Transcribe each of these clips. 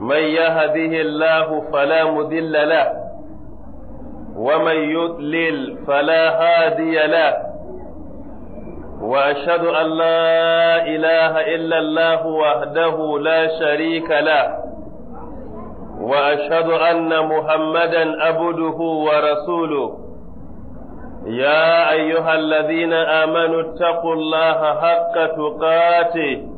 من يهده الله فلا مدل له ومن يدلل فلا هادي له واشهد ان لا اله الا الله وحده لا شريك له واشهد ان محمدا أبده ورسوله يا ايها الذين امنوا اتقوا الله حق تقاته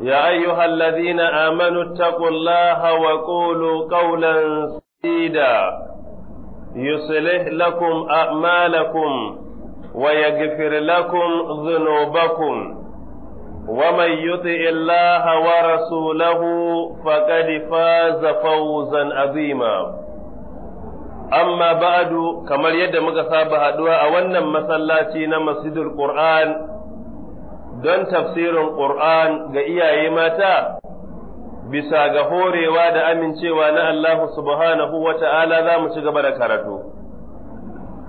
يا أيها الذين آمنوا اتقوا الله وقولوا قولا سيدا يصلح لكم أعمالكم ويغفر لكم ذنوبكم ومن يطع الله ورسوله فقد فاز فوزا عظيما أما بعد كما يد مكثاب هدوء أولا مسلاتي نمسجد القرآن don tafsirin Qur'an ga iyaye mata bisa ga horewa da amincewa na Allah subhanahu wa ta'ala za mu ci gaba da karatu.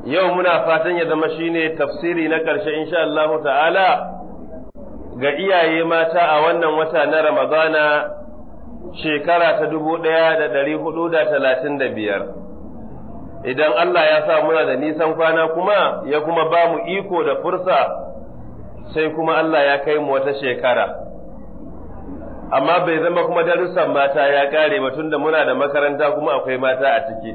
Yau muna fatan ya zama shi ne tafsiri na ƙarshe insha Allah ta'ala ga iyaye mata a wannan wata na Ramadana shekara ta dubu ɗaya da ɗari hudu da talatin da biyar. Idan Allah ya sa muna da nisan kwana kuma ya kuma ba mu iko da fursa sai kuma Allah ya kai mu wata shekara amma bai zama kuma darussan mata ya kare ba tunda muna da makaranta kuma akwai mata a ciki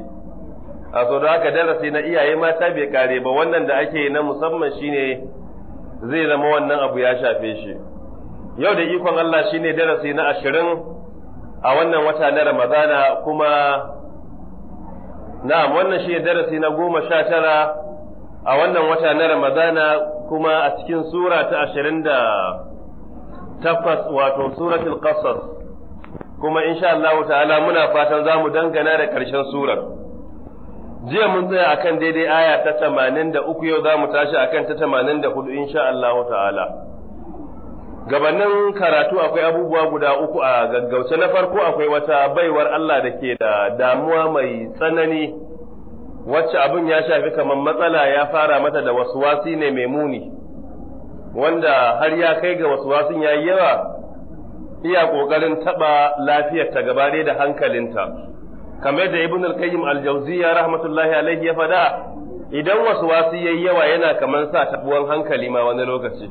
a so da haka darasi na iyaye mata bai kare ba wannan da ake na musamman shine zai zama wannan abu ya shafe shi yau da ikon Allah shine darasi na ashirin a wannan wata na Ramadana kuma na wannan shine darasi na goma sha tara a wannan wata na Ramadana kuma a cikin sura ta ashirin da takwas wato suratul qasas kuma insha Allah ta'ala muna fatan za mu dangana da ƙarshen surar jiya mun tsaya akan daidai aya ta tamanin da uku yau za mu tashi akan ta tamanin da hudu insha Allah ta'ala gabanin karatu akwai abubuwa guda uku a gaggauce na farko akwai wata baiwar Allah da ke da damuwa mai tsanani wacce abin ya shafi kamar matsala ya fara mata da wasu wasi ne mai muni wanda har ya kai ga wasu wasin ya yi yawa iya ƙoƙarin taɓa lafiyarta gaba ɗaya da hankalinta kamar da ibn al-qayyim al-jawziya rahmatullahi alaihi ya fada idan wasu ya yayi yawa yana kamar sa tabuwan hankali ma wani lokaci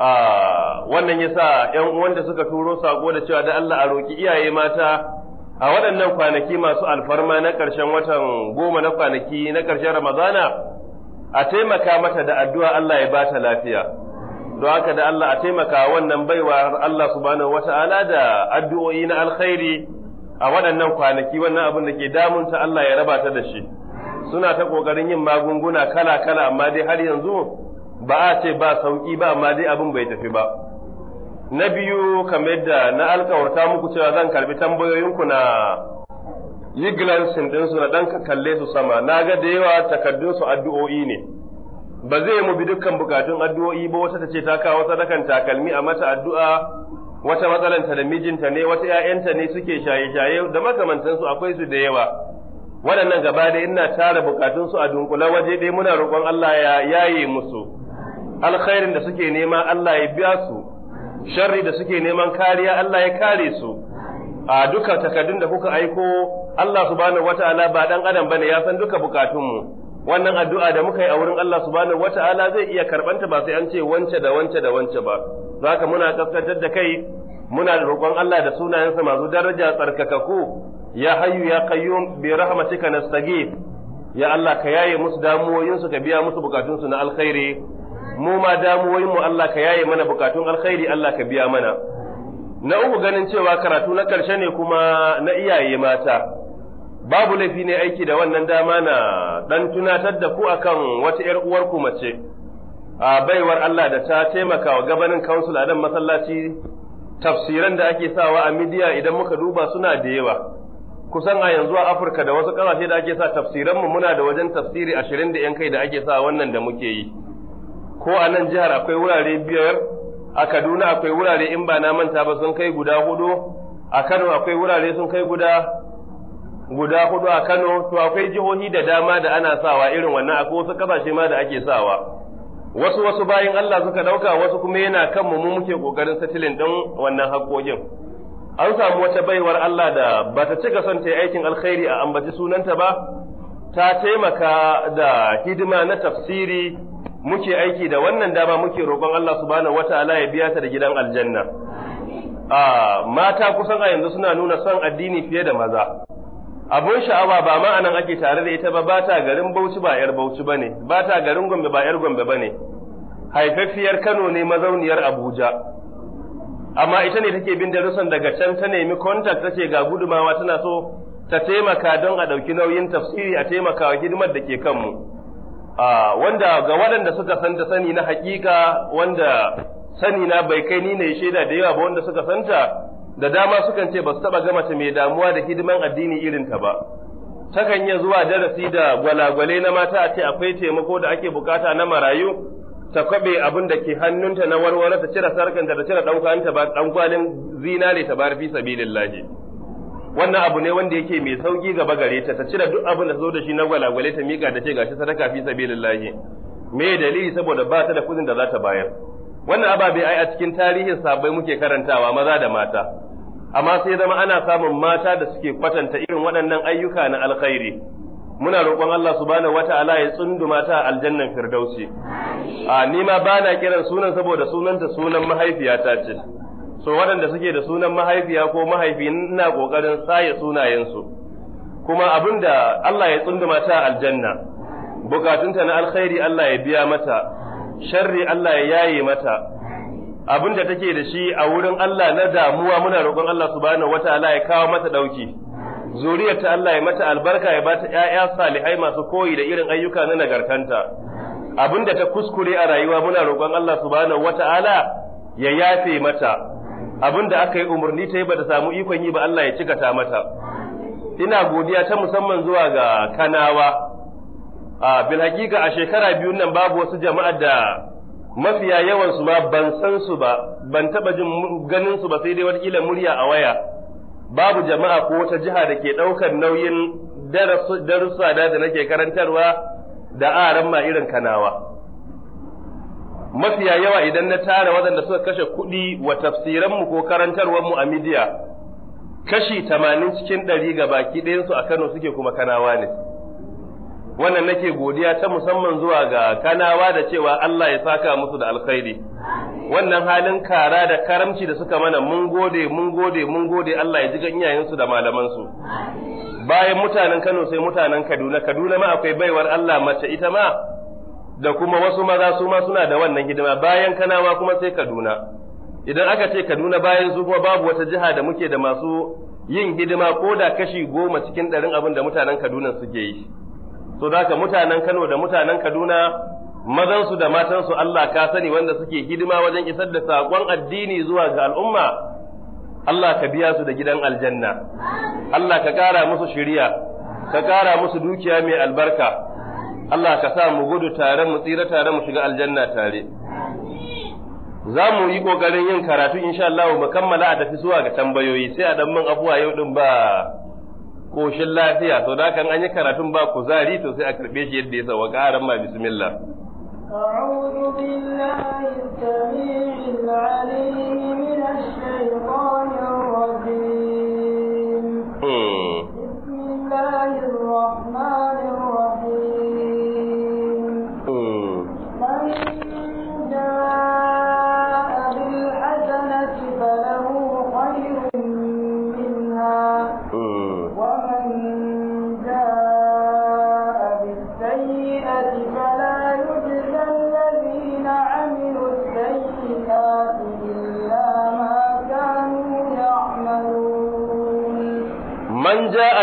a ah, wannan yasa ƴan uwan da suka turo sako da cewa da Allah a roki iyaye mata a waɗannan kwanaki masu alfarma na ƙarshen watan goma na kwanaki na ƙarshen Ramadana a taimaka mata da addu'a Allah ya ba ta lafiya. Don haka da Allah a taimaka wannan baiwa Allah subhanahu ala da addu'o'i na alkhairi a waɗannan kwanaki wannan abin da ke damunta Allah ya raba ta da shi. Suna ta ƙoƙarin yin magunguna kala-kala amma dai har yanzu ba a ce ba sauƙi ba amma dai abin bai tafi ba. na biyu kamar da na alkawarta muku cewa zan karbi tambayoyinku na yi glancing ɗinsu na ɗan kalle su sama na ga da yawa su addu'o'i ne ba zai mu bi dukkan bukatun addu'o'i ba wata ta ce ta kawo sadakan takalmi a mata addu'a wata matsalanta da mijinta ne wata ‘ya'yanta ne suke shaye-shaye da makamantansu akwai su da yawa waɗannan gaba da ina tara su a dunkula waje ɗaya muna roƙon Allah ya yaye musu alkhairin da suke nema Allah ya biya su sharri da suke neman kariya Allah ya kare su a duka takardun da kuka aiko Allah subhanahu wataala ba dan adam bane ya san duka bukatunmu wannan addu'a da muka yi a wurin Allah subhanahu wataala zai iya karbanta ba sai an ce wance da wance da wance ba zaka muna kaskantar da kai muna roƙon Allah da sunayensa masu daraja tsarkakaku ya hayyu ya qayyum bi rahmatika nastaghith ya Allah ka yaye musu damuwoyinsu ka biya musu bukatunsu na alkhairi mu ma damuwoyin mu Allah ka yaye mana bukatun alkhairi Allah ka biya mana na uku ganin cewa karatu na karshe ne kuma na iyaye mata babu laifi ne aiki da wannan dama na dan tunatar da ku akan wata yar uwarku mace a baiwar Allah da ta taimaka wa gabanin council a masallaci tafsiran da ake sawa a midiya idan muka duba suna da yawa kusan a yanzu a Afirka da wasu ƙasashe da ake sa tafsiranmu muna da wajen tafsiri ashirin da ‘yan kai da ake sa wannan da muke yi. ko a nan jihar akwai wurare biyar a Kaduna akwai wurare in ba na manta ba sun kai guda hudu a Kano akwai wurare sun kai guda guda hudu a Kano to akwai jihohi da dama da ana sawa irin wannan akwai wasu kasashe ma da ake sawa wasu wasu bayan Allah suka dauka wasu kuma yana kan mu muke kokarin satilin dan wannan hakkokin an samu wata baiwar Allah da bata cika son ta aikin alkhairi a ambaci sunanta ba ta taimaka da hidima na tafsiri muke aiki da wannan dama muke roƙon Allah subhanahu wataala ya biya ta da gidan aljanna a ah, mata kusan a yanzu suna nuna son addini fiye da maza abun sha'awa ba ma'anan ake tare da ita ba ba ta garin Bauchi ba yar Bauchi bane ba ta garin Gombe ba yar Gombe bane haifaffiyar Kano ne mazauniyar Abuja amma ita ne take bin darussan daga can ta nemi contact tace ga gudumawa tana so ta taimaka don a ɗauki nauyin tafsiri a taimakawa hidimar da ke kanmu Ah, wanda ga waɗanda suka santa sani na hakika wanda sani na bai kai ni ne shaida da yawa ba wanda suka santa da dama sukan ce ba su taɓa ga mace mai damuwa da hidiman addini irin ta ba takan iya zuwa darasi da gwalagwale na mata a ce akwai taimako da ake bukata na marayu ta kwabe abin da ke hannunta na warware ta cire sarkanta da cire ɗaukanta ba ɗankwalin zinare ta bar fi sabilillahi wannan abu ne wanda yake mai sauki gaba gare ta ta cire duk abin da zo da shi na gwalagwale ta mika da ce gashi sadaka fi sabilillahi me dalili saboda ba ta da kudin da za ta bayar wannan ababe ai a cikin tarihin sabai muke karantawa maza da mata amma sai zama ana samun mata da suke kwatanta irin waɗannan ayyuka na alkhairi muna roƙon Allah subhanahu wata'ala ya tsunduma ta aljannan firdausi a ni ma bana kiran sunan saboda sunanta sunan mahaifiyata ce so waɗanda suke da sunan mahaifiya ko mahaifi ina ƙoƙarin saye sunayensu kuma abin da Allah ya tsunduma ta aljanna bukatunta na alkhairi Allah ya biya mata sharri Allah ya yaye mata abin da take da shi a wurin Allah na damuwa muna roƙon Allah subhanahu wataala ya kawo mata dauki zuriyarta Allah ya mata albarka ya bata ƴaƴa salihai masu koyi da irin ayyuka na nagartanta abin da ta kuskure a rayuwa muna roƙon Allah subhanahu wataala ya yafe mata abin da aka yi umarni ta yi ba ta samu ikon yi ba Allah ya cika ta mata ina godiya ta musamman zuwa ga kanawa a bil hakika a shekara biyun nan babu wasu jama'a da mafiya yawan su ma ban san su ba ban taba jin ganin su ba sai dai wata murya a waya babu jama'a ko wata jiha da ke ɗaukar nauyin darussa da nake karantarwa da aran ma irin kanawa mafiya yawa idan na tara waɗanda suka kashe kuɗi wa tafsiranmu ko karantarwarmu a midiya kashi tamanin cikin ɗari ga baki ɗayansu a Kano suke kuma kanawa ne. Wannan nake godiya ta musamman zuwa ga kanawa da cewa Allah ya saka musu da alkhairi. Wannan halin kara da karamci da suka mana mun gode mun gode mun gode Allah ya ji iyayensu da malamansu. Bayan mutanen Kano sai mutanen Kaduna, Kaduna ma akwai baiwar Allah mace ita ma da kuma wasu maza su ma suna da wannan hidima bayan kanawa kuma sai kaduna idan aka ce kaduna bayan su kuma babu wata jiha da muke da masu yin hidima ko da kashi goma cikin ɗarin abin da mutanen kaduna suke yi so za ka mutanen kano da mutanen kaduna mazansu da matansu allah ka sani wanda suke hidima wajen isar da saƙon addini zuwa ga al'umma allah ka biya su da gidan aljanna allah ka ƙara musu shiriya ka ƙara musu dukiya mai albarka Allah ka sa mu gudu tare mu tsira tare mu shiga aljanna tare za mu yi kokarin yin karatu insha Allah mu kammala a tafi zuwa ga tambayoyi sai a dan min abuwa yau din ba koshin lafiya to da kan an yi karatun ba kuzari to sai a karbe shi yadda ya sawa karan ma bismillah أعوذ بالله السميع العليم من الشيطان الرجيم hmm. بسم الله الرحمن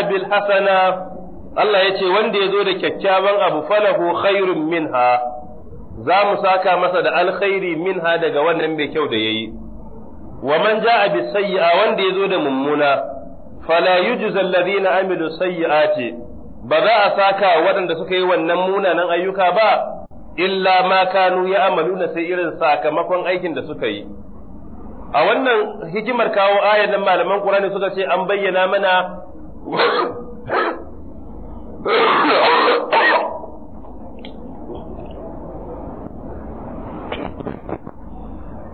Bilhasana, Allah ya ce wanda ya zo da kyakkyawan abu falahu khairun minha za mu saka masa da alkhairi minha daga wannan mai kyau da yayi wa man jaa bis sayyi'a wanda ya zo da mummuna fala yujza alladhina amilu sayyi'ati ba za a saka waɗanda suka yi wannan munanan ayyuka ba illa ma kanu ya amaluna sai irin sakamakon aikin da suka yi a wannan hikimar kawo ayan nan malaman Qur'ani suka ce an bayyana mana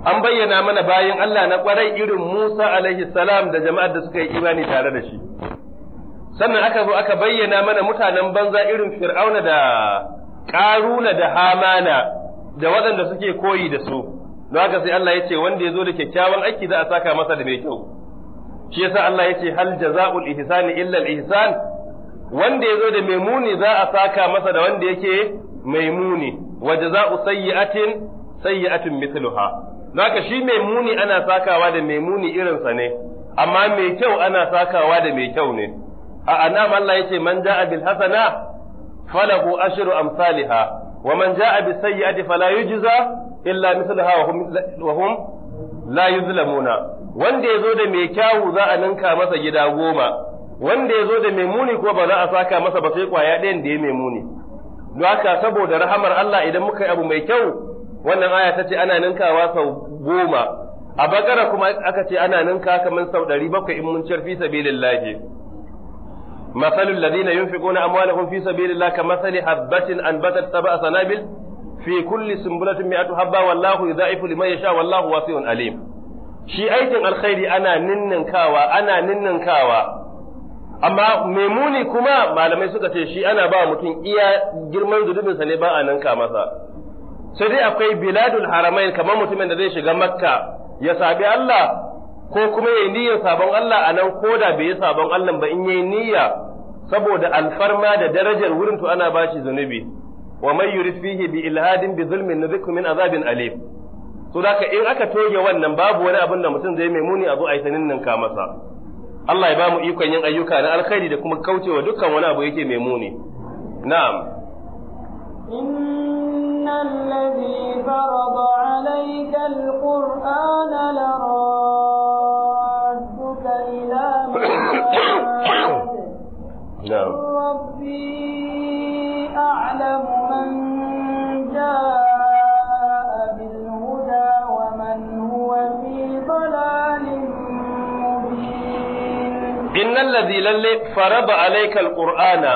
an bayyana mana bayan Allah na kwarai irin Musa alaihi salam da jama'ar da suka yi imani tare da shi sannan aka zo aka bayyana mana mutanen banza irin Fir'auna da Ƙaruna da Hamana da waɗanda suke koyi da su don haka sai Allah ya ce wanda ya zo da kyakkyawan aiki za a saka masa da mai kyau shi yasa Allah yace hal jazaa'ul ihsani illa al ihsan wanda yazo da mai muni za a saka masa da wanda yake mai muni wa jazaa'u sayyi'atin sayyi'atun mithluha haka shi mai muni ana sakawa da mai muni irinsa ne amma mai kyau ana sakawa da mai kyau ne a anam Allah yace man ja'a bil hasana falahu ashru amsalha wa man ja'a bis sayyi'ati fala yujza illa mithlaha wa hum la yuzlamuna wanda ya zo da mai kyawu za a ninka masa gida goma wanda ya zo da mai muni ko ba za a saka masa ba sai kwaya ɗayan da ya mai muni don haka saboda rahamar Allah idan muka yi abu mai kyau wannan aya ta ce ana ninkawa sau goma a bakara kuma aka ce ana ninka kamar sau ɗari bakwai in mun ciyar fi sabilillahi masalul ladina yunfiquna amwalahum fi sabilillahi kamathali habatin anbatat sab'a sanabil fi kulli sumbulatin mi'atu habba wallahu yudha'ifu liman yasha wallahu wasi'un alim shi aikin alkhairi ana ninninkawa ana ninninkawa amma mai muni kuma malamai suka ce shi ana ba mutum iya girman zunubinsa ne ba a ninka masa sai dai akwai biladul haramain kamar mutumin da zai shiga makka ya sabi Allah ko kuma ya yi niyyar sabon Allah a nan ko da bai yi sabon Allah ba in ya yi niyya saboda alfarma da darajar wurin to ana bashi zunubi wa man yurid fihi bi ilhadin bi zulmin nadhikum min azabin alim so ka in aka toge wannan babu wani abin da mutum zai mai muni a a yi nan ka masa Allah ya ba mu ikon yin ayyuka na alkhairi da kuma kaucewa dukkan wani abu yake mai muni na'am إن farada alayka alqur'ana la لرادك ila نعم ربي man Innan ladhi lalle faraba alayka alqur'ana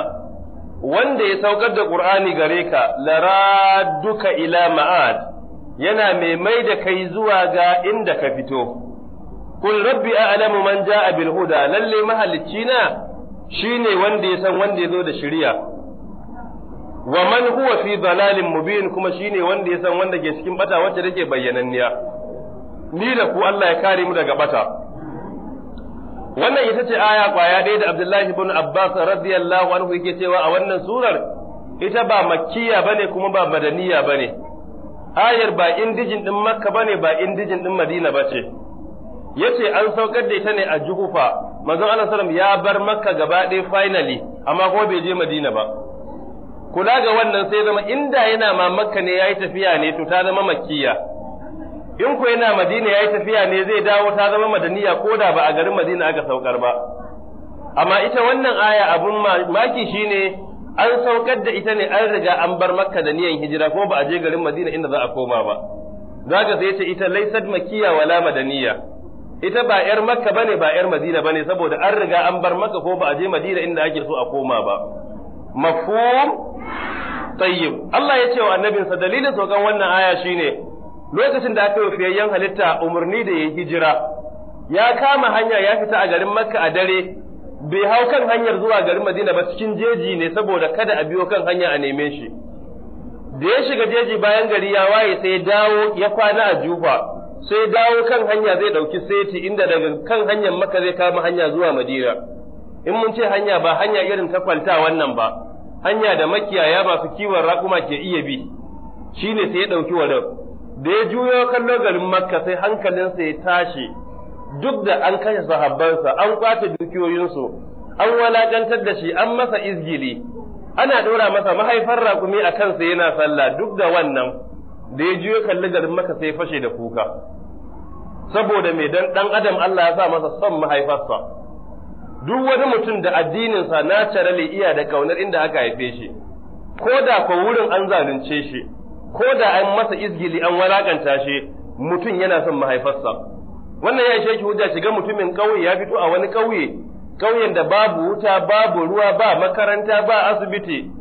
wanda ya saukar da qur'ani gare ka laradduka ila ma'ad yana mai mai da kai zuwa ga inda ka fito kul rabbi a'lamu man ja'a bil huda lalle mahalicci na shine wanda ya san wanda ya zo da shari'a wa man huwa fi dalalin mubin kuma shine wanda ya san wanda ke cikin bata wacce take bayyananniya ni da ku Allah ya kare mu daga bata wannan ita ce aya kwaya ɗaya da Abdullahi ibn Abbas radiyallahu anhu yake cewa a wannan surar ita ba makkiya bane kuma ba madaniya bane ayar ba indijin din Makka bane ba indijin din Madina bace yace an saukar da ita ne a Juhufa manzo Allah sallam ya bar Makka gaba ɗaya finally amma kuma bai je Madina ba kula ga wannan sai zama inda yana ma Makka ne yayi tafiya ne to ta zama makkiya in ku yana madina ya yi tafiya ne zai dawo ta zama madaniya ko da ba a garin madina aka saukar ba amma ita wannan aya abun maki shine an saukar da ita ne an riga an bar makka da niyan hijira ko ba a je garin madina inda za a koma ba zaka sai ce ita laysat makkiya wala madaniya ita ba yar makka bane ba yar madina bane saboda an riga an bar makka ko ba a je madina inda ake so a koma ba mafhum tayyib Allah ya ce wa annabinsa dalilin saukan wannan aya shine lokacin da aka yi halitta umarni da ya hijira ya kama hanya ya fita a garin makka a dare bai hau kan hanyar zuwa garin madina ba cikin jeji ne saboda kada a biyo kan hanya a neme shi da ya shiga jeji bayan gari ya waye sai ya dawo ya kwana a jufa sai ya dawo kan hanya zai ɗauki seti inda daga kan hanyar Makka zai kama hanya zuwa madina in mun ce hanya ba hanya irin ta kwalta wannan ba hanya da makiyaya masu kiwon raƙuma ke iya bi shine sai ya ɗauki wadau da ya juyo kallo garin makka sai hankalinsa ya tashi duk da an kashe sahabbansa an kwace dukiyoyinsu an walakantar da shi an masa izgili ana ɗora masa mahaifar rakumi a kansa yana sallah duk da wannan da ya juyo kalli garin maka sai fashe da kuka saboda mai dan dan adam Allah ya sa masa son mahaifarsa duk wani mutum da addininsa na carale iya da kaunar inda aka haife shi ko da ko wurin an zalunce shi ko da an masa izgili an walakanta shi mutum yana son mahaifarsa wannan ya ishe ki hujja shiga mutumin ƙauye ya fito a wani ƙauye ƙauyen da babu wuta babu ruwa ba makaranta ba asibiti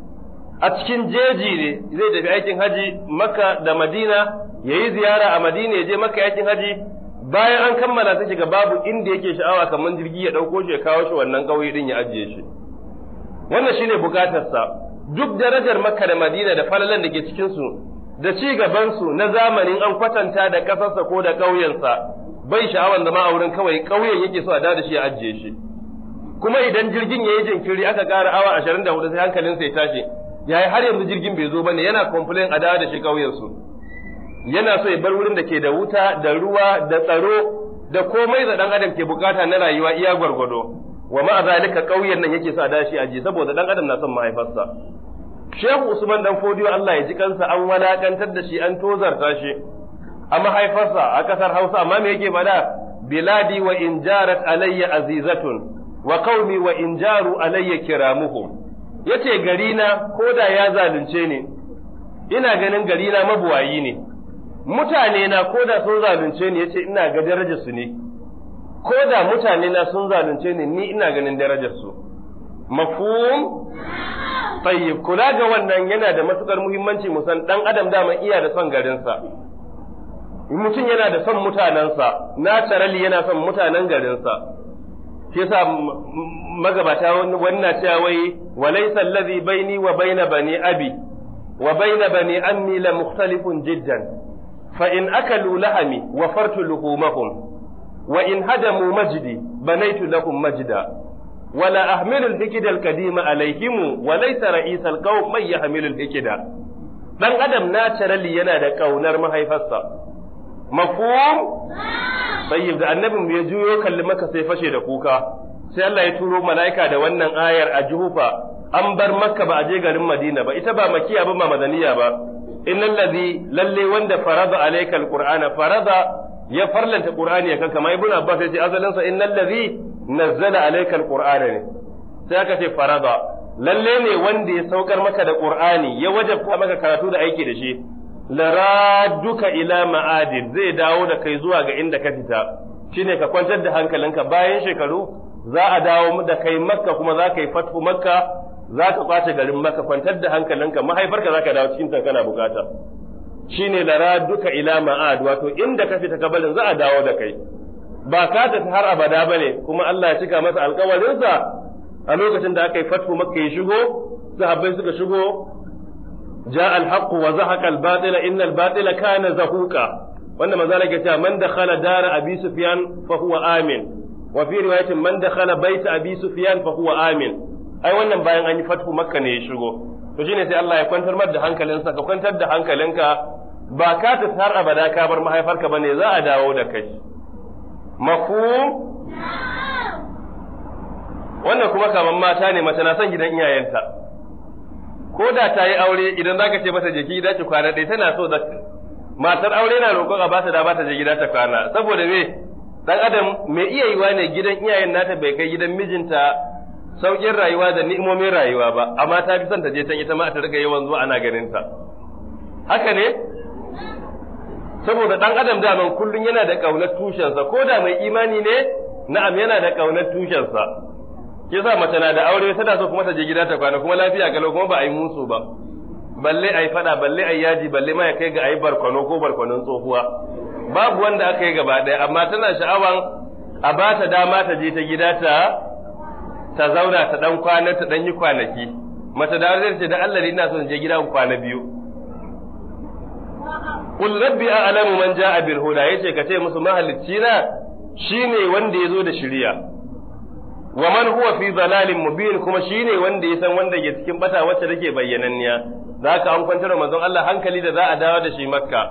a cikin jeji ne zai tafi aikin haji maka da madina ya yi ziyara a madina ya je maka aikin haji bayan an kammala sai shiga babu inda yake sha'awa kamar jirgi ya ɗauko shi ya kawo shi wannan ƙauye din ya ajiye shi wannan shine bukatarsa duk darajar makka da madina da falalan da ke cikinsu da ci gabansu na zamanin an kwatanta da ƙasarsa ko da ƙauyensa bai sha'awar zama a wurin kawai ƙauyen yake so a da shi a ajiye shi kuma idan jirgin ya yi jinkiri aka ƙara awa ashirin da hudu sai hankalinsa ya tashi yayi har yanzu jirgin bai zo bane yana complain a da shi ƙauyensu yana so ya bar wurin da ke da wuta da ruwa da tsaro da komai da ɗan adam ke bukata na rayuwa iya gwargwado wa ma'a zalika ƙauyen nan yake so a da shi ajiye saboda ɗan adam na son mahaifarsa Shehu Usman dan Fodiyo Allah ya ji kansa an walakantar da shi an tozarta shi a mahaifarsa a kasar Hausa amma me yake bada biladi wa in alayya azizatun wa qaumi wa in alayya kiramuhum yace gari na koda ya zalunce ni ina ganin gari na mabuwayi ne mutane na koda sun zalunce ni yace ina ga darajar su ne koda mutane na sun zalunce ni ni ina ganin darajar su mafhum tayyib kula ga wannan yana da matukar muhimmanci mu san dan adam dama iya da son garinsa mutum yana da son mutanensa naturally yana son mutanen garinsa shi yasa magabata na cewa wai walaysa alladhi baini wa baina bani abi wa baina bani ammi la mukhtalifun jiddan fa in akalu lahami wa fartu luhumahum wa in hadamu majdi banaitu lahum majda wala ahmilul hikida alqadima alaihimu wa laysa ra'isal qawm man yahmilul hikida dan adam naturally yana da kaunar mahaifarsa mafhum tayyib da annabin ya juyo kalli maka sai fashe da kuka sai Allah ya turo mala'ika da wannan ayar a juhufa an bar makka ba a je garin madina ba ita ba makiya ba madaniya ba innal ladhi lalle wanda farada alaykal qur'ana farada ya farlanta qur'ani kan kama ibnu abbas ya ce asalinsa in ladhi nazzala alaikal qur'ana ne sai aka ce farada lalle ne wanda ya saukar maka da qur'ani ya wajabta maka karatu da aiki da shi laraduka ila ma'adin zai dawo da kai zuwa ga inda ka fita shine ka kwantar da hankalinka bayan shekaru za a dawo da kai makka kuma za ka yi fatfu makka za ka kwace garin makka kwantar da hankalinka mahaifarka za ka dawo cikin ta kana bukata shine laraduka ila ma'ad wato inda ka fita kabalin za a dawo da kai ba sata ta har abada ba ne kuma Allah ya cika masa alkawarinsa a lokacin da aka yi fatku makka ya shigo sahabbai suka shigo ja alhaq wa zahaqa albatil inna albatila kana zahuqa wanda manzo Allah ya ce man dakhala dara abi sufyan fa huwa amin wa fi riwayatin man dakhala baita abi sufyan fa huwa amin ai wannan bayan an yi fatku makka ne ya shigo to shine sai Allah ya kwantar mar da hankalinsa ka kwantar da hankalinka ba ka ta har abada ka bar mahaifarka bane za a dawo da kai mafhum wannan kuma kaman mata ne mace na son gidan iyayenta ko da ta yi aure idan za ka ce mata jiki za ki kwana ɗaya tana so za matar aure na roƙon a ba ta da ba ta je gida ta kwana saboda me dan adam me iya yiwa ne gidan iyayen nata bai kai gidan mijinta saukin rayuwa da ni'imomin rayuwa ba amma ta fi son ta je can ita ma ta riga yawan zuwa ana ganin ta haka ne saboda ɗan adam da daman kullun yana da kaunar tushensa ko da mai imani ne na'am yana da kaunar tushensa ke sa mace na da aure tana so kuma ta je gida ta kwana kuma lafiya galau kuma ba a yi musu ba balle a yi fada balle a yaji balle ma kai ga a yi ko barkwanon tsohuwa babu wanda aka yi gaba ɗaya amma tana sha'awan a ba ta dama ta je ta gida ta ta zauna ta dan kwana ta dan yi kwanaki mace da zai ce da Allah ne ina son je gida kwana biyu kul rabbi a'lamu man ja'a bil huda yace ka ce musu mahalicci na shine wanda yazo da shiriya wa man huwa fi dhalalin mubin kuma shine wanda ya san wanda ke cikin bata wacce take bayyananniya zaka an kwantar manzon Allah hankali da za a dawo da shi makka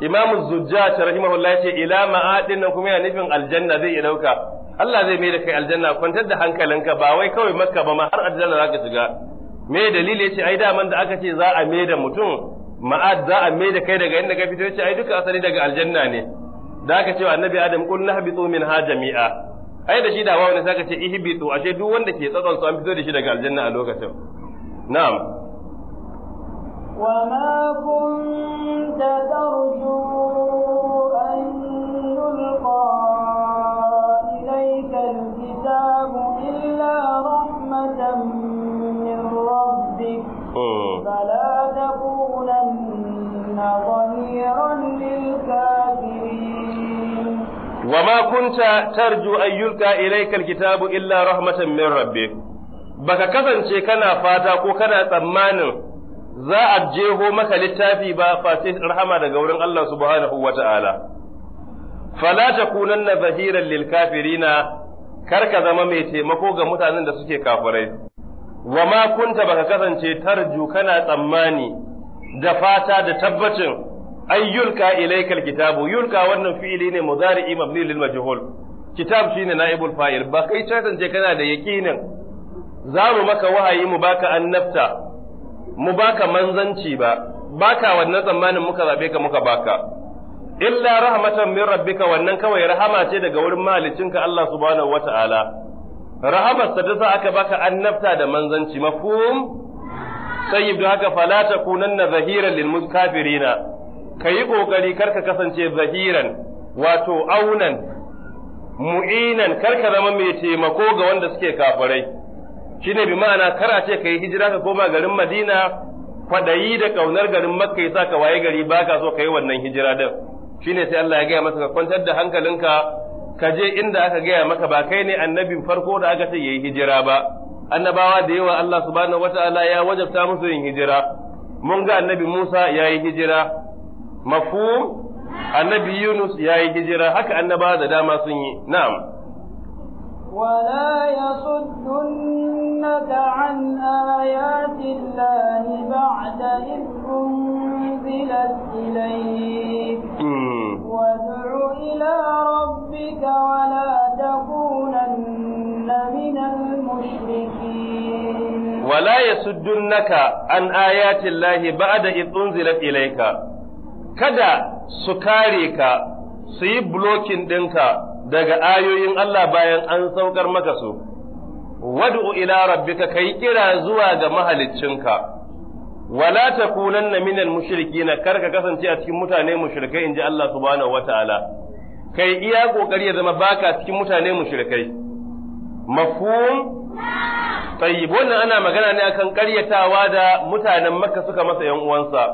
imamu zujjat rahimahullahi ce ila ma'adin nan kuma yana nufin aljanna zai iya dauka Allah zai mai da kai aljanna kwantar da hankalinka ba wai kawai makka ba ma har aljanna zaka shiga me dalili yace ai daman da aka ce za a mai da mutum ma'ad za a mai da kai daga inda ka fito ce ai duka asali daga aljanna ne da ka ce annabi adam qul nahbitu ha jami'a ai da shi da wani saka ce ihbitu ashe duk wanda ke tsatson su an fito da shi daga aljanna a lokacin na'am وما كنت ترجو أن يلقى إليك الكتاب إلا رحمة من ربك فلا تكونن ضميرا للكافرين وما كنت ترجو أن يلقى إليك الكتاب إلا رحمة من ربك baka kasance kana fata ko kana tsammanin za a jeho maka littafi ba face rahama daga wurin Allah subhanahu wa ta'ala. Fala takunanna zahiran lil kafirina kar ka zama mai taimako ga mutanen da suke kafirai. Wa ma kunta baka kasance tarju kana tsammani da fata da tabbacin ay yulka ilaykal kitabu yulka wannan fi'ili ne mudari'i mabni lil majhul kitab shine naibul fa'il ba kai tantance kana da yaqinin za mu maka wahayi mu baka annabta mu baka manzanci ba baka wannan tsammanin muka zabe ka muka baka illa rahmatan min rabbika wannan kawai rahama ce daga wurin malicinka Allah subhanahu wataala rahamar ta aka baka annabta da manzanci mafhum yi don haka fala na zahiran lil kafirina kayi kokari karka kasance zahiran wato aunan mu'inan kar ka zama mai taimako ga wanda suke kafirai shine bi ma'ana kar a ce kai hijira ka koma garin Madina kwaɗayi da ƙaunar garin Makka yasa ka waye gari baka so kai wannan hijira din shine sai Allah ya gaya masa ka kwantar da hankalinka ka je inda aka gaya maka ba kai ne annabin farko da aka ce yayi hijira ba annabawa da yawa Allah subhanahu wata'ala ya wajabta musu yin hijira mun ga annabi Musa ya yi hijira mafhum annabi Yunus ya yi hijira haka annabawa da dama sun yi na'am ولا يصدنك عن آيات الله بعد إذ أنزلت إليك وادع إلى ربك ولا تكونن من المشركين ولا يسدنك عن آيات الله بعد إذ أنزلت إليك kada su kare ka su yi blokin ɗinka daga ayoyin Allah bayan an saukar maka su wad'u ila rabbika kai kira zuwa ga mahaliccinka wala ta minan mushirki na karka kasance a cikin mutane in ji Allah subhanahu ta'ala, kai iya ƙoƙari ya zama baka cikin mutane mushirkai. mafhum tayyib wannan ana magana ne akan karyatawa da mutanen makka suka masa yan uwansa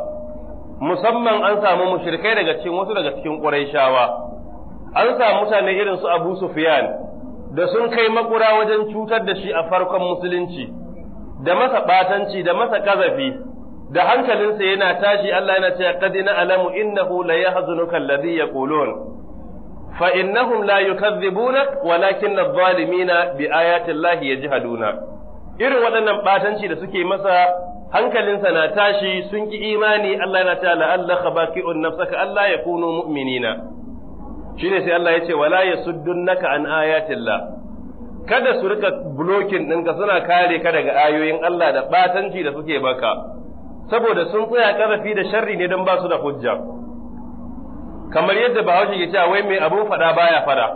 musamman an samu mushrikai daga cikin wasu daga cikin quraishawa an samu mutane irin su abu sufyan da sun kai makura wajen cutar da shi a farkon musulunci da masa batanci da masa kazafi da hankalinsa yana tashi Allah yana cewa qad alamu innahu la yahzunuka alladhi yaqulun Fa'innahum innahum la yukazzibunak walakin adh-dhalimina bi ayati llahi irin waɗannan batanci da suke masa hankalinsa na tashi sun ki imani Allah yana ta la'alla khabaqi'un nafsaka Allah yakunu mu'minina shine sai Allah yace wala yasuddunaka an ayatillah kada su rika blocking ɗinka suna kare ka daga ayoyin Allah da batanci da suke baka saboda sun tsaya karafi da sharri ne don ba su da hujja kamar yadda bahaushe ya cewa wai mai abun fada baya fada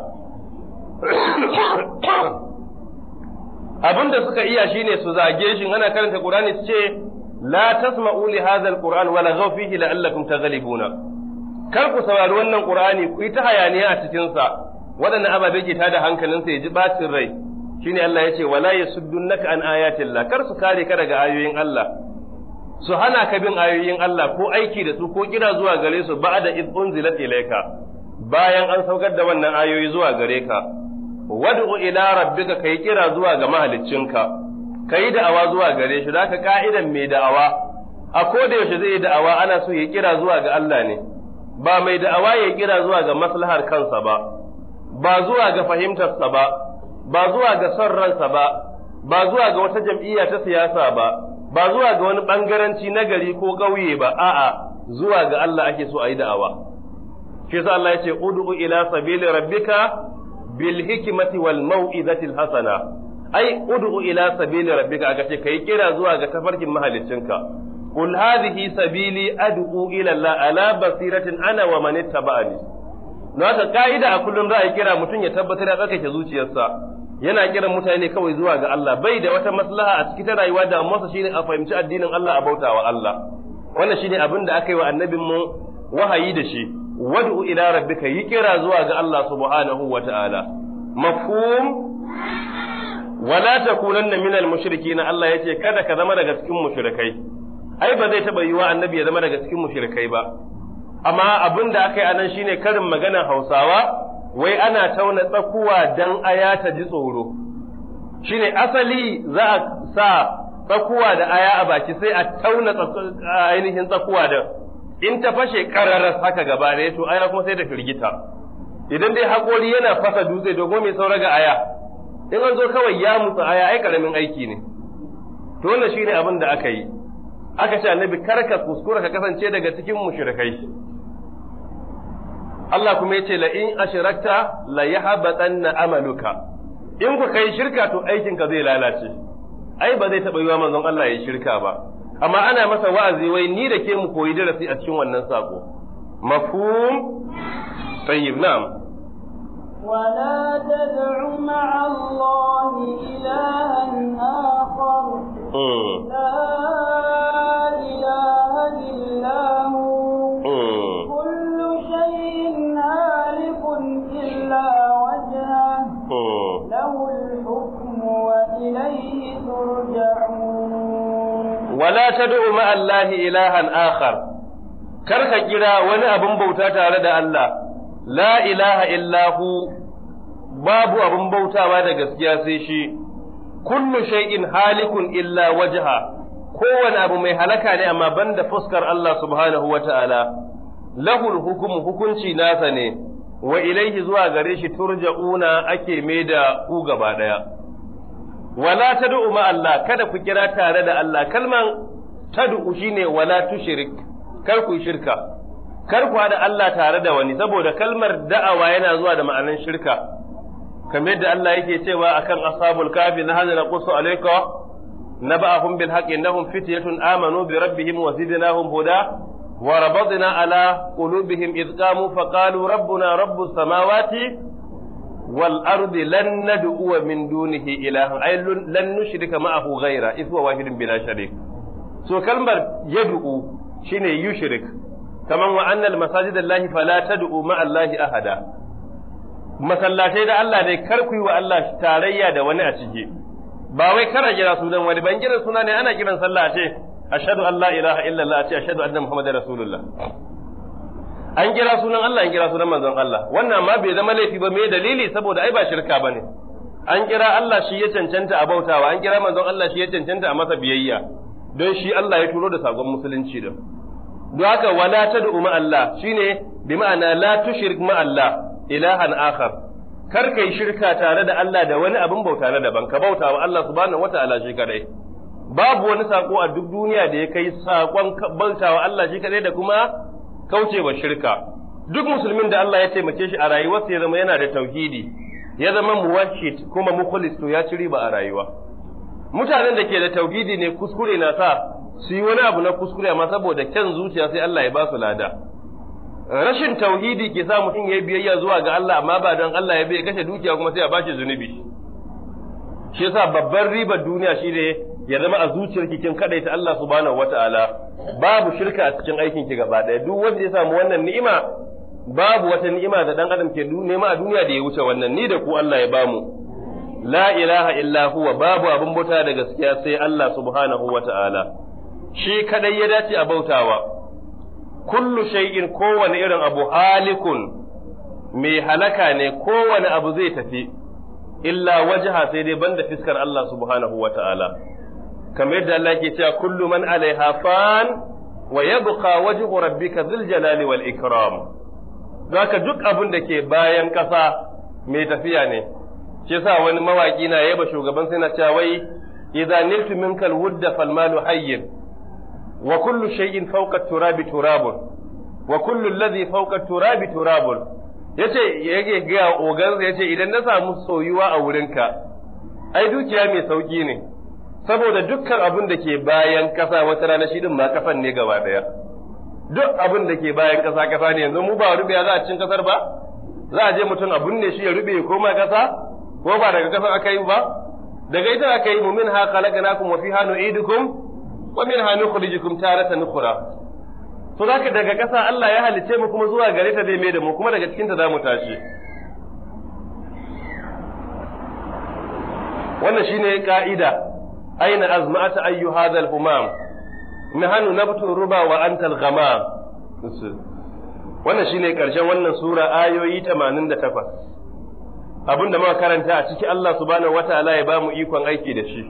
abin da suka iya shine su zage shi ana karanta qur'ani su ce la tasma'u li hadha alquran wa la fihi la'allakum taghlibuna kar ku saurari wannan qur'ani ku yi ta hayaniya a cikin sa waɗannan ababe ke tada hankalin sa ya ji bacin rai shine Allah ya ce wala yasuddunaka an ayatillah kar su kare ka daga ayoyin Allah su hana ka bin ayoyin Allah ko aiki da su ko kira zuwa gare su ba'da iz unzilat ilayka bayan an saukar da wannan ayoyi zuwa gare ka wad'u ila rabbika kai kira zuwa ga mahaliccinka kai da'awa zuwa gare shi zaka ka'idan mai da'awa a ko da yaushe zai da'awa ana so ya kira zuwa ga Allah ne ba mai da'awa ya kira zuwa ga maslahar kansa ba ba zuwa ga fahimtarsa ba ba zuwa ga son ransa ba ba zuwa ga wata jam'iyya ta siyasa ba ba zuwa ga wani ɓangaranci na gari ko ƙauye ba a'a zuwa ga Allah ake so a yi da'awa shi yasa Allah ya ce ud'u ila sabili rabbika bil hikmati wal mau'izati al hasana ai ud'u ila sabili rabbika aka ce kai kira zuwa ga tafarkin mahaliccinka Kul hadhihi sabili ad'u ila Allah ala basiratin ana wa man ittaba'ani Na ka ka'ida a kullum za a kira mutum ya tabbatar da tsakake zuciyarsa yana kiran mutane kawai zuwa ga Allah bai da wata maslaha a cikin rayuwa da masa shine a fahimci addinin Allah a bautawa Allah wannan shine abin da aka yi wa annabin wahayi da shi wad'u ila rabbika yi kira zuwa ga Allah subhanahu wa wata'ala mafhum wala takunanna al mushrikin Allah yace kada ka zama daga cikin mushrikai ai ba zai taba yiwa annabi ya zama daga cikin mushrikai ba amma abin da aka yi anan shine karin maganar Hausawa wai ana tauna tsakuwa dan aya ta ji tsoro shine asali za a sa tsakuwa da aya a baki sai a tauna ainihin tsakuwa da in ta fashe kararar haka gaba da to aya kuma sai ta firgita idan dai haƙori yana fasa dutse dogo mai saura ga aya in an zo kawai ya mutsa aya ai karamin aiki ne to wannan shine abin da aka yi aka ce annabi ka kuskura ka kasance daga cikin mushrikai Allah kuma ya ce la in ashrakta la amaluka in ku kai shirka to aikin ka zai lalace ai ba zai taba yiwa manzon Allah ya shirka ba amma ana masa wa'azi wai ni da ke mu koyi darasi a cikin wannan sako mafhum tayyib na'am ولا تدع مع الله إلها آخر لا إله إلا wala tad'u ma'a Allahi ilahan akhar kar ka kira wani abin bauta tare da Allah la ilaha illahu babu abin bautawa da gaskiya sai shi kullu shay'in halikun illa wajha kowane abu mai halaka ne amma banda fuskar Allah subhanahu wata'ala lahul hukum hukunci nasa ne wa ilaihi zuwa gare shi turja'una ake maida ku gaba daya wala tad'u ma Allah kada ku kira tare da Allah kalman tad'u shine wala tushrik kar ku shirka kar ku hada Allah tare da wani saboda kalmar da'awa yana zuwa da ma'anar shirka kamar yadda Allah yake cewa akan ashabul kafi na hadana qusu alayka naba'ahum bil haqqi innahum fityatun amanu bi rabbihim wa zidnahum huda wa rabadna ala qulubihim idh qamu faqalu rabbuna rabbus samawati wal ardi lan nad'u min dunihi ilahan ay lan nushrika ma'ahu ghayra iswa wahidin bila sharik so kalmar yad'u shine yushrik kaman wa annal masajidallahi fala tad'u allahi ahada masallatai da Allah ne kar ku yi wa Allah tarayya da wani a ciki ba wai kar jira kira sunan wani ban kira suna ne ana kiran sallah ce ashhadu an la ilaha illa a ce ashhadu anna muhammadar rasulullah an kira sunan Allah an kira sunan manzon Allah wannan ma bai zama laifi ba me dalili saboda ai ba shirka bane an kira Allah shi ya cancanta a bautawa an kira manzon Allah shi ya cancanta a masa biyayya don shi Allah ya turo da sakon musulunci din don haka wala tad'u ma Allah shine bi ma'ana la tushrik ma Allah ilahan akhar kar kai shirka tare da Allah da wani abin bauta na daban ka bauta wa Allah subhanahu wataala shi kadai babu wani sako a duk duniya da ya kai sakon bauta wa Allah shi kadai da kuma kaucewa shirka duk musulmin da Allah ya taimake shi a rayuwarsa ya zama yana da tauhidi ya zama muwahhid kuma mukhlis to ya ci riba a rayuwa mutanen da ke da tauhidi ne kuskure na sa su yi wani abu na kuskure amma saboda kyan zuciya sai Allah ya ba su lada rashin tauhidi ke sa mutum ya biyayya zuwa ga Allah amma ba don Allah ya bai kashe dukiya kuma sai ya bashi zunubi shi yasa babban ribar duniya shine ya zama a zuciyarki kin ta Allah subhanahu wataala babu shirka a cikin aikin ki gaba daya duk wanda ya samu wannan ni'ima babu wata ni'ima da dan adam ke nema a duniya da ya wuce wannan ni da ku Allah ya bamu la ilaha illa huwa babu abin bauta da gaskiya sai Allah subhanahu wa ta'ala shi kadai ya dace a bautawa kullu shay'in kowane irin abu halikun mai halaka ne kowane abu zai tafi illa wajha sai dai banda fiskar Allah subhanahu wa ta'ala kamar yadda Allah ke cewa kullu man alaiha fan wa yabqa wajhu rabbika dhul jalali wal ikram zaka duk abin da ke bayan kasa mai tafiya ne shi yasa wani mawaki na yaba shugaban sai na cewa wai idza niltu minka alwudda malu hayyin wa kullu shay'in fawqa turabi turabun wa kullu alladhi fawqa turabi turabun yace yage ga ogan yace idan na samu soyuwa a wurinka ai dukiya mai sauki ne saboda dukkan abin da ke bayan kasa wata rana shi din ma kafan ne gaba daya duk abin da ke bayan kasa kasa ne yanzu mu ba rubiya za a cin kasar ba za a je mutum abun ne shi ya rube ya koma kasa ko ba daga ƙasa aka yi ba daga ita aka yi mu min ha khalaqnakum wa fiha nu'idukum wa min ha nukhrijukum taratan ukhra to zaka daga ƙasa Allah ya halice mu kuma zuwa gare ta zai mai da mu kuma daga cikin ta zamu tashi wannan shine ka'ida aina azma'ata ayyu hadha al-humam nahnu nabtu ruba wa anta al-ghamam wannan shine karshen wannan sura ayoyi 88 abin da muka karanta a ciki Allah subhanahu wataala ya bamu ikon aiki da shi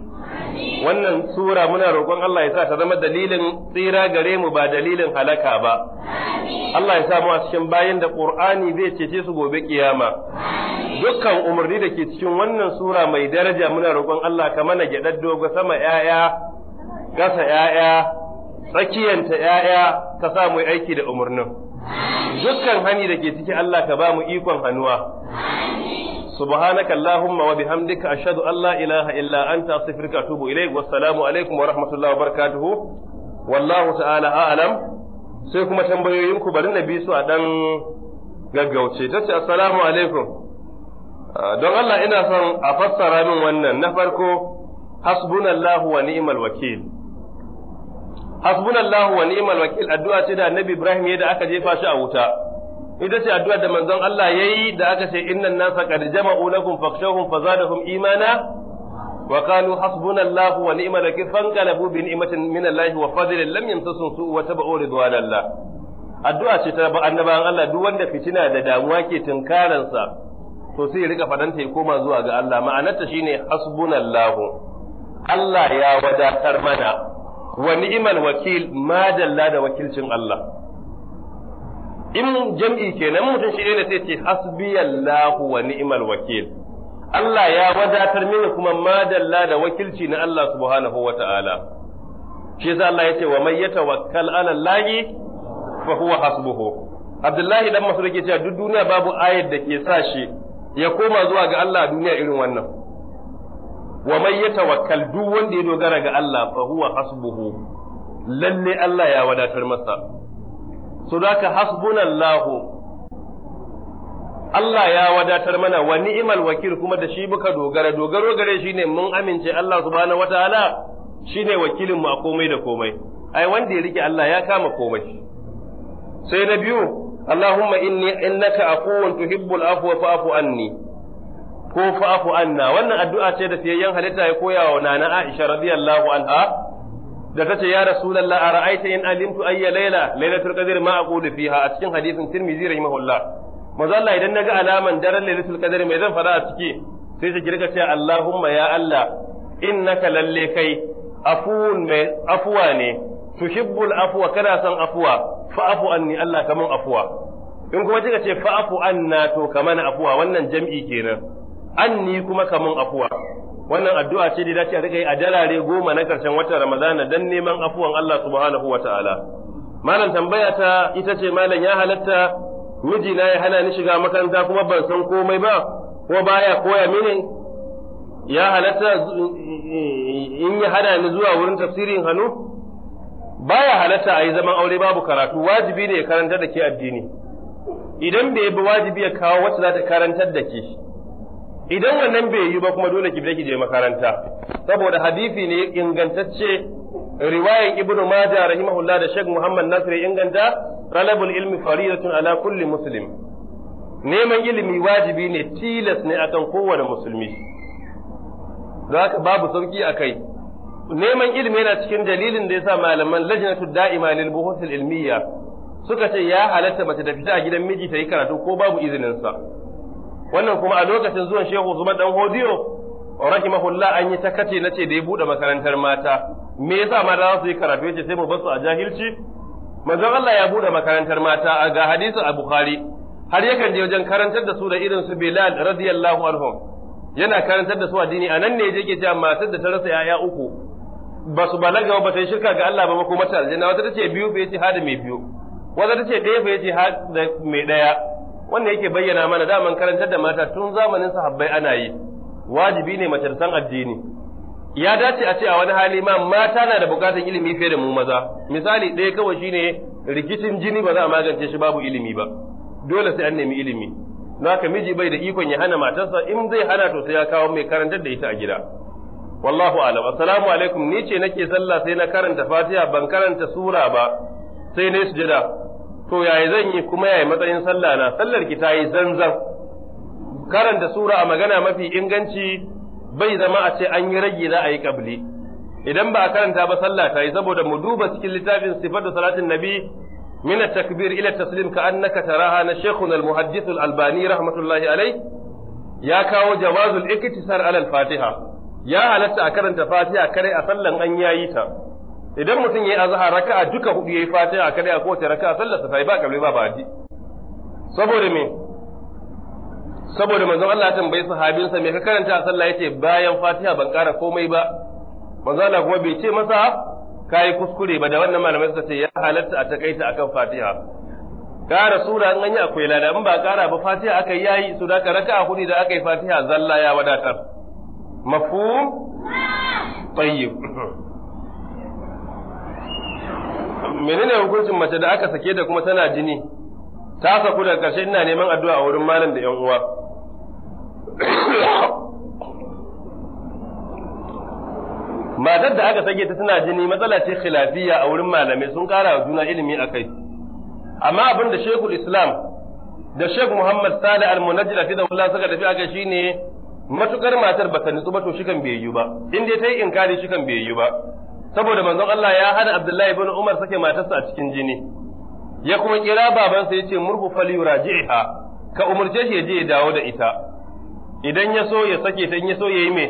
wannan sura muna roƙon Allah ya sa ta zama dalilin tsira gare mu ba dalilin halaka ba Allah ya sa mu a cikin bayan da Qur'ani zai cece su gobe kiyama dukkan umarni da ke cikin wannan sura mai daraja muna roƙon Allah ka mana gyaɗar dogo sama ƴaƴa kasa ƴaƴa tsakiyanta ƴaƴa ka sa mu aiki da umarnin dukkan hani da ke ciki Allah ka ba mu ikon hannuwa subhanaka allahumma wa bihamdika ashhadu an la ilaha illa anta astaghfiruka wa atubu ilayk wassalamu alaikum wa rahmatullahi wa barakatuh wallahu ta'ala a'lam sai kuma tambayoyin ku bari na bi su a dan gaggauce tace assalamu alaikum ah, don Allah ina son a fassara min wannan na farko hasbunallahu wa ni'mal wakil hasbunallahu wa wakil addu'a ce da Annabi Ibrahim da aka jefa a wuta ita ce addu'a da manzon Allah yayi da aka ce innan nasa qad jama'u lakum fakhshawhum fazadahum imana wa qalu hasbunallahu wa ni'mal wakeel fanqalabu bi ni'matin min Allah wa fadlin lam yamtasu su wa tabu Allah. addu'a ce ta annabawan Allah duk wanda fitina da damuwa ke tunkaran sa to sai rika fadanta koma zuwa ga Allah ta shine hasbunallahu Allah ya wadatar mana wa ni'mal wakil ma dalla da wakilcin Allah in jam'i kenan mutum shi ne sai ce hasbiyallahu wa ni'mal wakil Allah ya wadatar mini kuma madalla da wakilci na Allah subhanahu wa ta'ala. Shi yasa Allah ya ce wa mai yatawakkal ala fa huwa hasbuhu. Abdullahi dan Mas'ud yake cewa duk duniya babu ayar da ke sa shi ya koma zuwa ga Allah duniya irin wannan. Wa mai yatawakkal duk wanda ya dogara ga Allah fa huwa hasbuhu. Lalle Allah ya wadatar masa. so da ka hasbunallahu Allah ya wadatar mana wa ni'mal wakil kuma da shi muka dogara dogaro gare shi ne mun amince Allah subhanahu wataala shine wakilin mu a komai da komai ai wanda ya rike Allah ya kama komai sai na biyu Allahumma inni innaka afuwun tuhibbul afwa fa'fu anni ko fa'fu anna wannan addu'a ce da siyayyen halitta ya koya wa nana Aisha radiyallahu anha da tace ya rasulullah ra'aita in alimtu ayya laila lailatul qadr ma aqulu fiha a cikin hadisin tirmidhi rahimahullah manzo Allah idan naga alaman daren lailatul qadr mai zan fara a ciki sai ta girka ce Allahumma ya Allah innaka lalle kai afuwun mai afuwa ne tuhibbul afwa kana son afuwa fa'fu anni Allah kaman afuwa in kuma kika ce fa'fu anna to kaman afuwa wannan jam'i kenan anni kuma kaman afuwa wannan addu'a ce da dace a rika yi a dalare goma na ƙarshen watan Ramadana dan neman afuwan Allah subhanahu wa Malam tambaya ta ita ce malam ya halatta mijina ya hana ni shiga makaranta kuma ban san komai ba ko baya koya mini ya halatta in ya hana ni zuwa wurin tafsirin hannu baya halatta a zaman aure babu karatu wajibi ne ya karanta da ke addini idan bai bi wajibi ya kawo wacce za ta karantar da ke idan wannan bai yi ba kuma dole ki ki je makaranta saboda hadisi ne ingantacce riwayan ibnu majah rahimahullah da shek muhammad nasir inganta talabul ilmi faridatun ala kulli muslim neman ilimi wajibi ne tilas ne akan kowane musulmi zaka babu sauki kai. neman ilimi yana cikin dalilin da yasa malaman lajnatu da'ima lil buhuthil ilmiya suka ce ya halatta mace da fita a gidan miji ta yi karatu ko babu izinin sa wannan kuma a lokacin zuwan shehu zuma dan Hodiyo rahimahullah an yi ta kace na ce da ya buɗe makarantar mata me yasa mata za su yi karatu yace sai mu bar su a jahilci manzon Allah ya buɗe makarantar mata a ga hadisi a Bukhari har yakan je wajen karantar da su da irin su Bilal radiyallahu anhu? yana karantar da su addini anan ne yake cewa matar da ta rasa yaya uku ba su balaga ba ta shirka ga Allah ba kuma ta aljanna wata tace biyu fa yace hada mai biyu wata tace ɗaya fa yace hada mai ɗaya wanda yake bayyana mana daman karantar da mata tun zamanin sahabbai ana yi wajibi ne mace san addini ya dace a ce a wani hali ma mata na da bukatar ilimi fiye da mu maza misali ɗaya kawai shine rikicin jini ba za a magance shi babu ilimi ba dole sai an nemi ilimi ka miji bai da ikon ya hana matarsa in zai hana to sai ya kawo mai karantar da ita a gida wallahu alam assalamu alaikum ni ce nake sallah sai na karanta fatiha ban karanta sura ba sai ne sujada to yaya zan yi kuma yaya matsayin sallah na sallar ki tayi zanzan karanta sura a magana mafi inganci bai zama a ce an yi ragi za a yi kabli idan ba a karanta ba sallah ta yi saboda mu duba cikin littafin sifar da salatin nabi min at-takbir ila taslim ka annaka taraha na shaykhuna al albani rahmatullahi alai. ya kawo jawazul iktisar al-fatiha ya halatta a karanta fatiha kare a sallan an yayi ta idan mutum ya yi azhar raka'a duka hudu yayi fatiha kada a kowace raka'a sallarsa, sai ba kabli ba badi saboda me saboda manzon Allah ya tambaye sahabin sa me ka karanta a sallah yace bayan fatiha ban kara komai ba manzon Allah kuma bai ce masa kai kuskure ba da wannan malamai suka ce ya halatta a takaita akan fatiha kara sura an ganye akwai lada in ba kara ba fatiha aka yayi su da ka raka'a hudu da aka yi fatiha zalla ya wadatar mafhum tayyib menene hukuncin mace da aka sake da kuma tana jini ta saku daga ƙarshe ina neman addu'a a wurin malam da 'yan uwa matar da aka sake ta tana jini matsala ce khilafiya a wurin malamai sun kara wa juna ilimi a kai amma abin da shekul islam da shek muhammad sale al a fi dawla suka tafi aka shine matukar matar bata nitsu ba to shikan bai yi ba in dai ta yi inkari shikan bai yi ba saboda manzon Allah ya hana Abdullahi ibn Umar sake matarsa a cikin jini ya kuma kira babansa yace murhu fali yuraji'ha ka umurce shi ya je ya dawo da ita idan ya so ya sake ta in ya so yayi me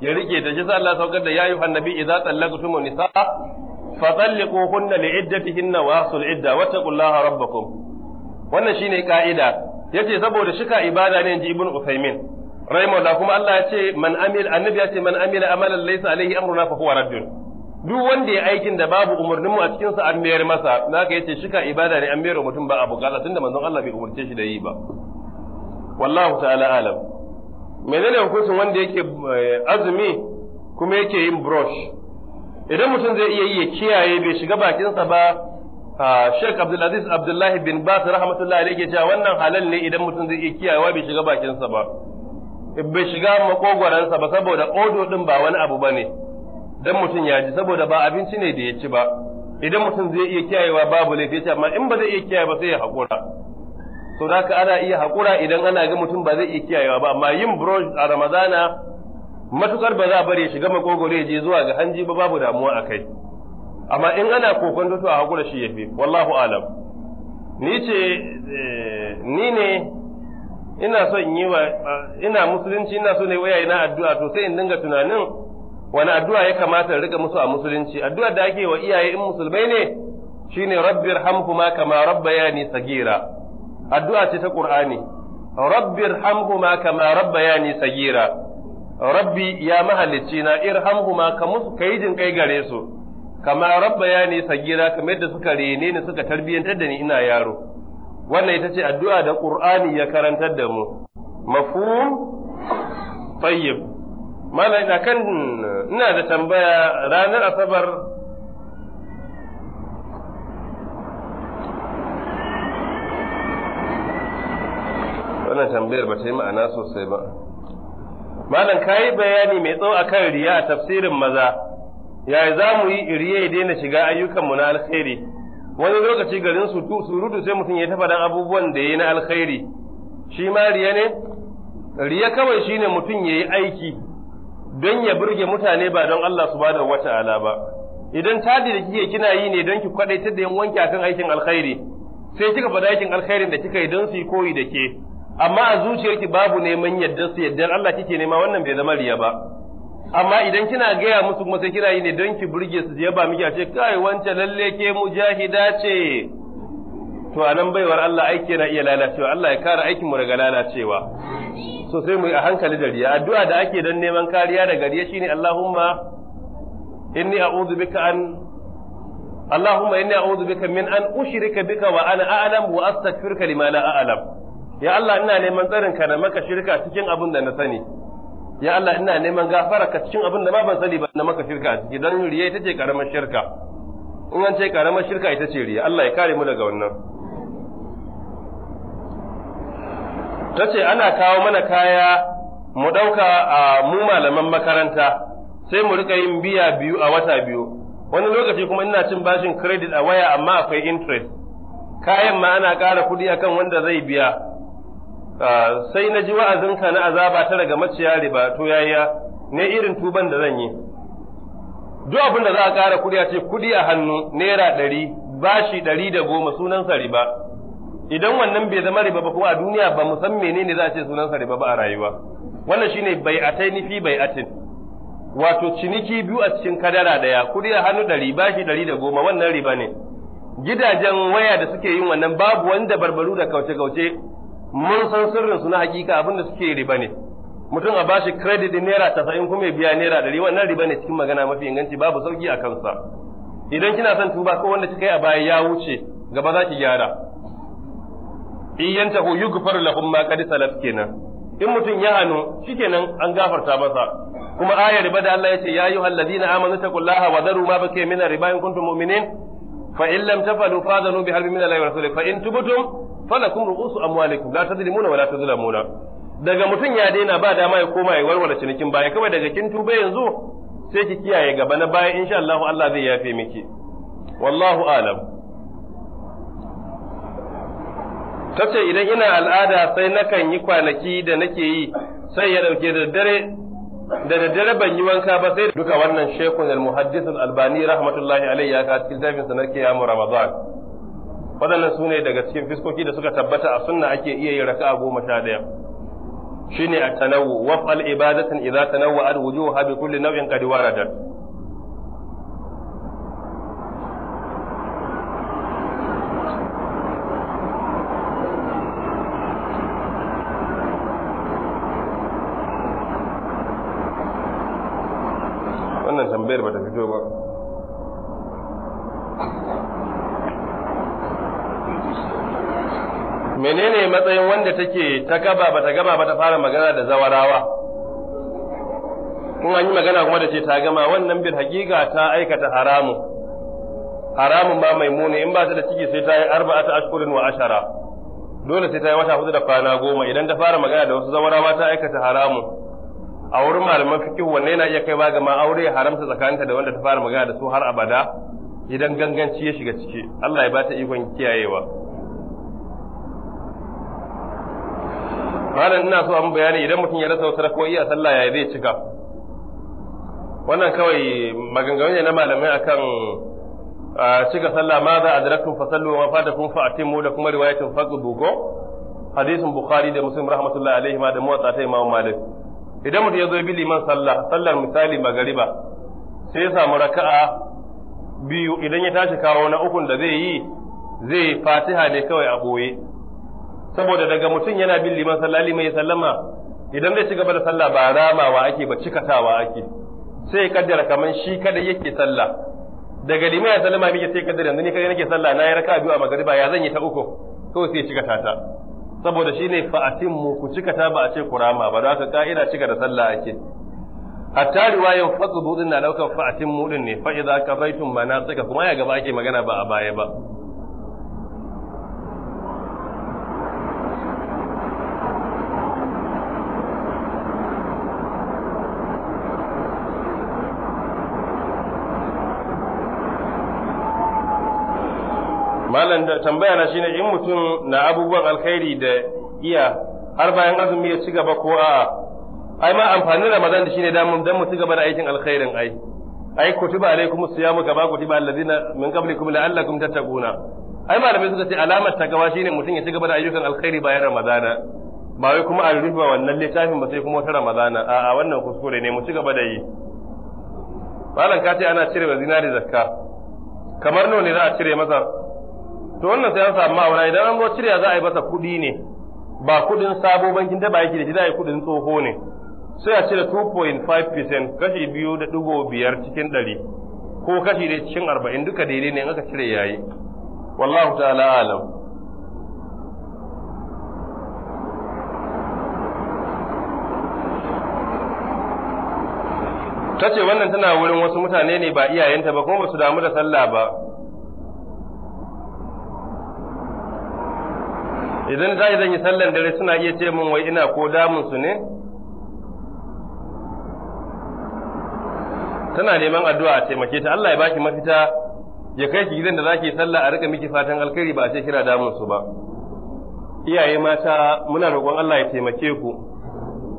ya rike ta jisa Allah saukar da yayu annabi idza tallaqtum nisa fatalliquhunna li'iddatihinna wa hasul idda wattaqullaha rabbakum wannan shine ka'ida yace saboda shika ibada ne ji ibn Uthaymin da kuma Allah ya ce man amil annabi ya ce man amila amalan laysa alaihi amruna fa huwa raddun duk wanda ya aikin da babu umarnin mu a cikin sa an mayar masa naka yace shika ibada ne an mayar mutum ba a bukata tunda manzon Allah bai umurce shi da yi ba wallahu ta'ala alam menene hukuncin wanda yake eh, azumi kuma yake yin brush idan mutum zai iya yi ya kiyaye bai shiga bakinsa ba ah, Sheikh Abdulaziz Abdullahi bin Bas rahmatullahi alayhi ya ce wannan halal ne idan mutum zai iya kiyayewa bai shiga bakinsa ba bai shiga makogwaransa ba saboda odo din ba wani abu bane dan mutum ya ji saboda ba abinci ne da ya ci ba idan mutum zai iya kiyayewa babu laifi ya amma in ba zai iya kiyaye ba sai ya hakura to haka ana iya hakura idan ana ga mutum ba zai iya kiyayewa ba amma yin brush a ramadana matukar ba za a bari ya shiga makogwaro ya je zuwa ga hanji ba babu damuwa a kai amma in ana kokon to a hakura shi yafi wallahu alam ni ce eh, ni ne ina son yi wa ina musulunci ina so ne waya na addu'a to sai in dinga tunanin wani addu'a ya kamata rika musu a musulunci addu'a da ake wa iyaye in musulmai ne shine rabbir hamhuma kama rabbayani sagira addu'a ce ta qur'ani rabbir hamhuma kama rabbayani sagira rabbi ya mahalicci na irhamhuma ka musu kai jin kai gare su kama rabbayani sagira kamar yadda suka rene ni suka tarbiyantar da ni ina yaro wannan ita ce addu'a da Qur'ani ya karantar da mu mafhum tayyib malai na kan ina da tambaya ranar asabar wannan tambayar ba ta yi ma'ana sosai ba malam yi bayani mai tsawo akan riya a tafsirin maza yaya za mu yi riya ya daina shiga ayyukanmu na alkhairi wani lokaci garin su surutu sai mutum ya tafa dan abubuwan da ya na alkhairi shi ma riya ne riya kawai shine mutum ya yi aiki don ya burge mutane ba don Allah su bada wata ala ba idan tadi da kike kina yi ne don ki kwadaitar da yan wanki akan aikin alkhairi sai kika faɗa aikin alkhairin da kika yi don su yi koyi da ke amma a zuciyarki babu neman yadda su yadda Allah kike nema wannan bai zama riya ba amma idan kina gaya musu kuma sai kina yi ne don ki burge su ba miki a ce kai wancan lalle ke mujahida ce to anan baiwar Allah aiki na iya lalacewa Allah ya kare aikin mu daga lalacewa so sai mu a hankali da riya addu'a da ake don neman kariya daga riya shine Allahumma inni a'udhu bika an a'udhu bika min an ushrika bika wa ana a'lam wa astaghfiruka lima la a'lam ya Allah ina neman tsarin ka da maka shirka cikin abin da na sani ya Allah ina neman gafara ka cikin abin da ma ban sani ba na maka shirka a ciki dan riya ita ce karamar shirka in an ce karamar shirka ita ce riya Allah ya kare mu daga wannan ta ce ana kawo mana kaya mu ɗauka a mu malaman makaranta sai mu rika yin biya biyu a wata biyu wani lokaci kuma ina cin bashin credit a waya amma akwai interest kayan ma ana ƙara kuɗi akan wanda zai biya sai na ji wa'azin ka na azaba ta daga maciya riba to yaya ne irin tuban da zan yi duk abin da za a ƙara kuɗi a ce kuɗi a hannu naira ɗari bashi ɗari da goma sunansa riba idan wannan bai zama riba ba kuma a duniya ba mu san menene za a ce sunansa riba ba a rayuwa wannan shine bai atai nifi bai atin wato ciniki biyu a cikin kadara ɗaya kuɗi a hannu ɗari bashi ɗari da goma wannan riba ne gidajen waya da suke yin wannan babu wanda barbaru da kauce-kauce mun san sirrin su na hakika abin da suke riba ne mutum a bashi credit din naira tasa'in kuma ya biya naira ɗari wannan riba ne cikin magana mafi inganci babu sauki a kansa idan kina son tuba ko wanda kika a baya ya wuce gaba za ki gyara Iyanta ko yugfar lahum ma qad salaf kenan in mutum ya hannu shikenan an gafarta masa kuma ayar riba da Allah ya ce ya ayu allazina amanu taqullaha wa daru ma bakay min riba in kuntum mu'minin fa in lam tafalu fadanu bi harbin min Allah wa rasulih fa in tubtum falakum ru'usu amwalikum la tadrimuna wa la tuzlamuna daga mutum ya daina ba dama ya koma ya warware cinikin baya kawai daga kin tuba yanzu sai ki kiyaye gaba na baya insha Allah Allah zai yafe miki wallahu alam tace idan ina al'ada sai nakan yi kwanaki da nake yi sai ya dauke da dare da daddare ban yi wanka ba sai duka wannan shekun al-muhaddis al-albani rahmatullahi alayhi ya ka cikin tafin sanar kiyamu ramadan waɗannan su ne daga cikin fiskoki da suka tabbata a sunna ake iya yin raka'a goma sha ɗaya shine a tanawwu waf'al ibadatan idza tanawwa'at wujuha bi kulli naw'in qad waradat wannan tambayar ba ta fito ba matsayin wanda take ta gaba ba ta gaba ba ta fara magana da zawarawa kun an yi magana kuma da ce ta gama wannan bil hakika ta aikata haramun haramun ba mai muni in ba ta da ciki sai ta yi arba'ata ashkurin wa ashara dole sai ta yi wata hudu da kwana goma idan ta fara magana da wasu zawarawa ta aikata haramu. a wurin malaman fiqh wanne yana iya kai ba ga ma aure haramta tsakaninta da wanda ta fara magana da su har abada idan ganganci ya shiga ciki Allah ya bata ikon kiyayewa malam ina so amma bayani idan mutum ya rasa wasu rako'i a sallah ya zai cika wannan kawai maganganu ne na malamai akan cika sallah ma za a darakun sallu wa fa atimu da kuma riwayatin faqdu go hadisin bukhari da muslim rahmatullahi alaihi ma da muwatta ta imam malik idan mutum ya zo bi liman sallah sallar misali magariba sai ya samu raka'a biyu idan ya tashi kawo na ukun da zai yi zai fatiha ne kawai a boye saboda daga mutum yana bin liman sallah liman ya sallama idan zai ci gaba da sallah ba ramawa ake ba cikatawa ake sai ya kaddara kaman shi kada yake sallah daga liman ya sallama mike sai kaddara yanzu ni kada nake sallah na yi raka biyu a magariba ya zan yi ta uku to sai ya cikata ta saboda shine fa mu ku cikata ba a ce ku rama ba don haka ka'ida cika da sallah ake hatta riwayan fasdu din na daukan fa mu din ne fa idza qadaytum manasika kuma ya gaba ake magana ba a baya ba malam da tambaya na shine in mutum na abubuwan alkhairi da iya har bayan azumi ya ci gaba ko a ai ma da ramadan da shine damun dan mu ci gaba da aikin alkhairin ai ai kutiba alaikum siyamu kama kutiba allazina min qablikum la'allakum tattaquna ai malamai suka ce alamar ta gaba shine mutum ya ci gaba da ayyukan alkhairi bayan ramadana ba wai kuma a rufe wannan littafin ba sai kuma wata ramadana a'a wannan kuskure ne mu ci gaba da yi malam ka ce ana cire wa zinari zakka kamar nawa ne za a cire masa to wannan sai an samu ma'aura idan an zo cire za a yi masa kuɗi ne ba kuɗin sabo bankin da ba yake da shi za a yi kuɗin tsoho ne sai a cire 2.5% kashi biyu da ɗigo biyar cikin ɗari ko kashi da cikin arba'in duka daidai ne in aka cire yayi wallahu ta'ala alam ta ce wannan tana wurin wasu mutane ne ba iyayenta ba kuma ba su damu da sallah ba idan za zan yi sallan dare suna iya ce min wai ina ko damun su ne tana neman addu'a a taimake ta Allah ya baki mafita ya kai ki gidan da zaki salla a rika miki fatan alkhairi ba a ce kira damun su ba iyaye mata muna roƙon Allah ya taimake ku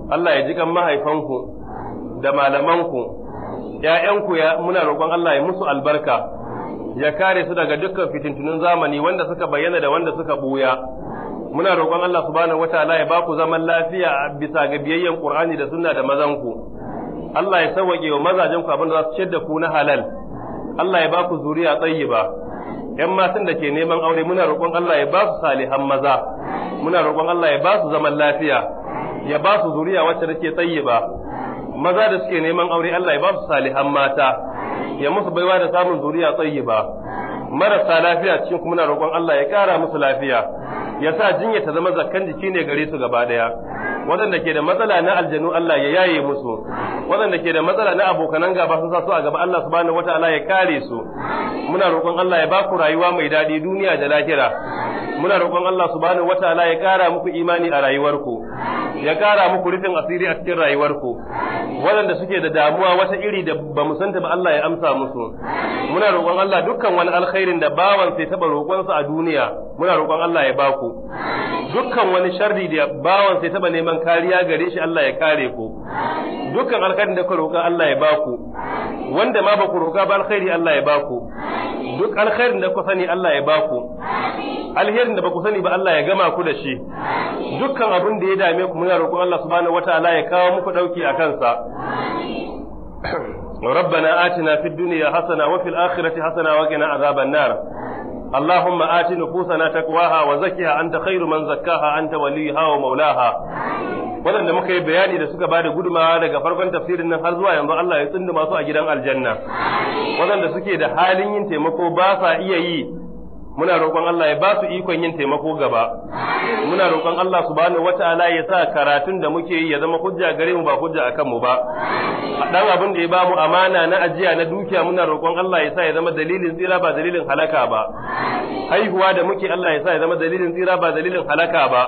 Allah ya ji kan mahaifanku da malamanku ‘ya'yanku ya muna roƙon Allah ya musu albarka, ya kare su daga dukkan fitintunin zamani wanda suka bayyana da wanda suka buya. muna roƙon Allah subhanahu wataala ya ku zaman lafiya bisa ga biyayyen Qur'ani da sunna da mazan ku Allah ya sauke wa mazajen ku abin da za su ciyar da ku na halal Allah ya ba ku zuriya tayyiba ‘yan matan da ke neman aure muna roƙon Allah ya ba su salihan maza, muna roƙon Allah ya ba su zaman lafiya, ya ba su zuriya wacce take tsayi ba, maza da suke neman aure Allah ya ba su salihan mata, ya musu baiwa da samun zuriya tsayi ba, marasa lafiya cikin kuma muna roƙon Allah ya ƙara musu lafiya. ya sa jinya ta zama zakkan jiki ne gare su gaba daya waɗanda ke da matsala na aljanu Allah ya yaye musu waɗanda ke da matsala na abokanan gaba sun sa su a gaba Allah subhanahu wataala ya kare su muna roƙon Allah ya baku rayuwa mai daɗi duniya da lahira muna roƙon Allah subhanahu wataala ya kara muku imani a rayuwarku ya kara muku rufin asiri a cikin rayuwarku waɗanda suke da damuwa wata iri da ba mu santa ba Allah ya amsa musu muna roƙon Allah dukkan wani alkhairin da bawan sai taɓa roƙonsa a duniya muna roƙon Allah ya baku dukkan wani sharri da bawan sai taba neman kariya gare shi Allah ya kare ku dukkan alkhairin da ku roƙa Allah ya baku wanda ma ba ku roƙa ba alkhairi Allah ya baku duk alkhairin da ku sani Allah ya baku alherin da ba ku sani ba Allah ya gama ku da shi dukkan abin da ya dame ku muna roƙon Allah subhanahu wataala ya kawo muku dauki a kansa ربنا آتنا في الدنيا حسنة وفي الآخرة حسنة وقنا عذاب النار Allahuma اللهم آت نفوسنا تقواها وزكها أنت خير من زكاها أنت وليها Maulaha. waɗanda muka yi bayani da suka bada gudumawa daga farkon tafsirin nan har zuwa yanzu Allah ya tsunduma su a gidan aljanna waɗanda suke da halin yin taimako ba sa iya yi muna roƙon Allah ya ba su ikon yin taimako gaba muna roƙon Allah subhanahu wata'ala ya sa karatun da muke yi ya zama hujja gare mu ba hujja akan mu ba dan abin da ya ba mu amana na ajiya na dukiya muna roƙon Allah ya sa ya zama dalilin tsira ba dalilin halaka ba haihuwa da muke Allah ya sa ya zama dalilin tsira ba dalilin halaka ba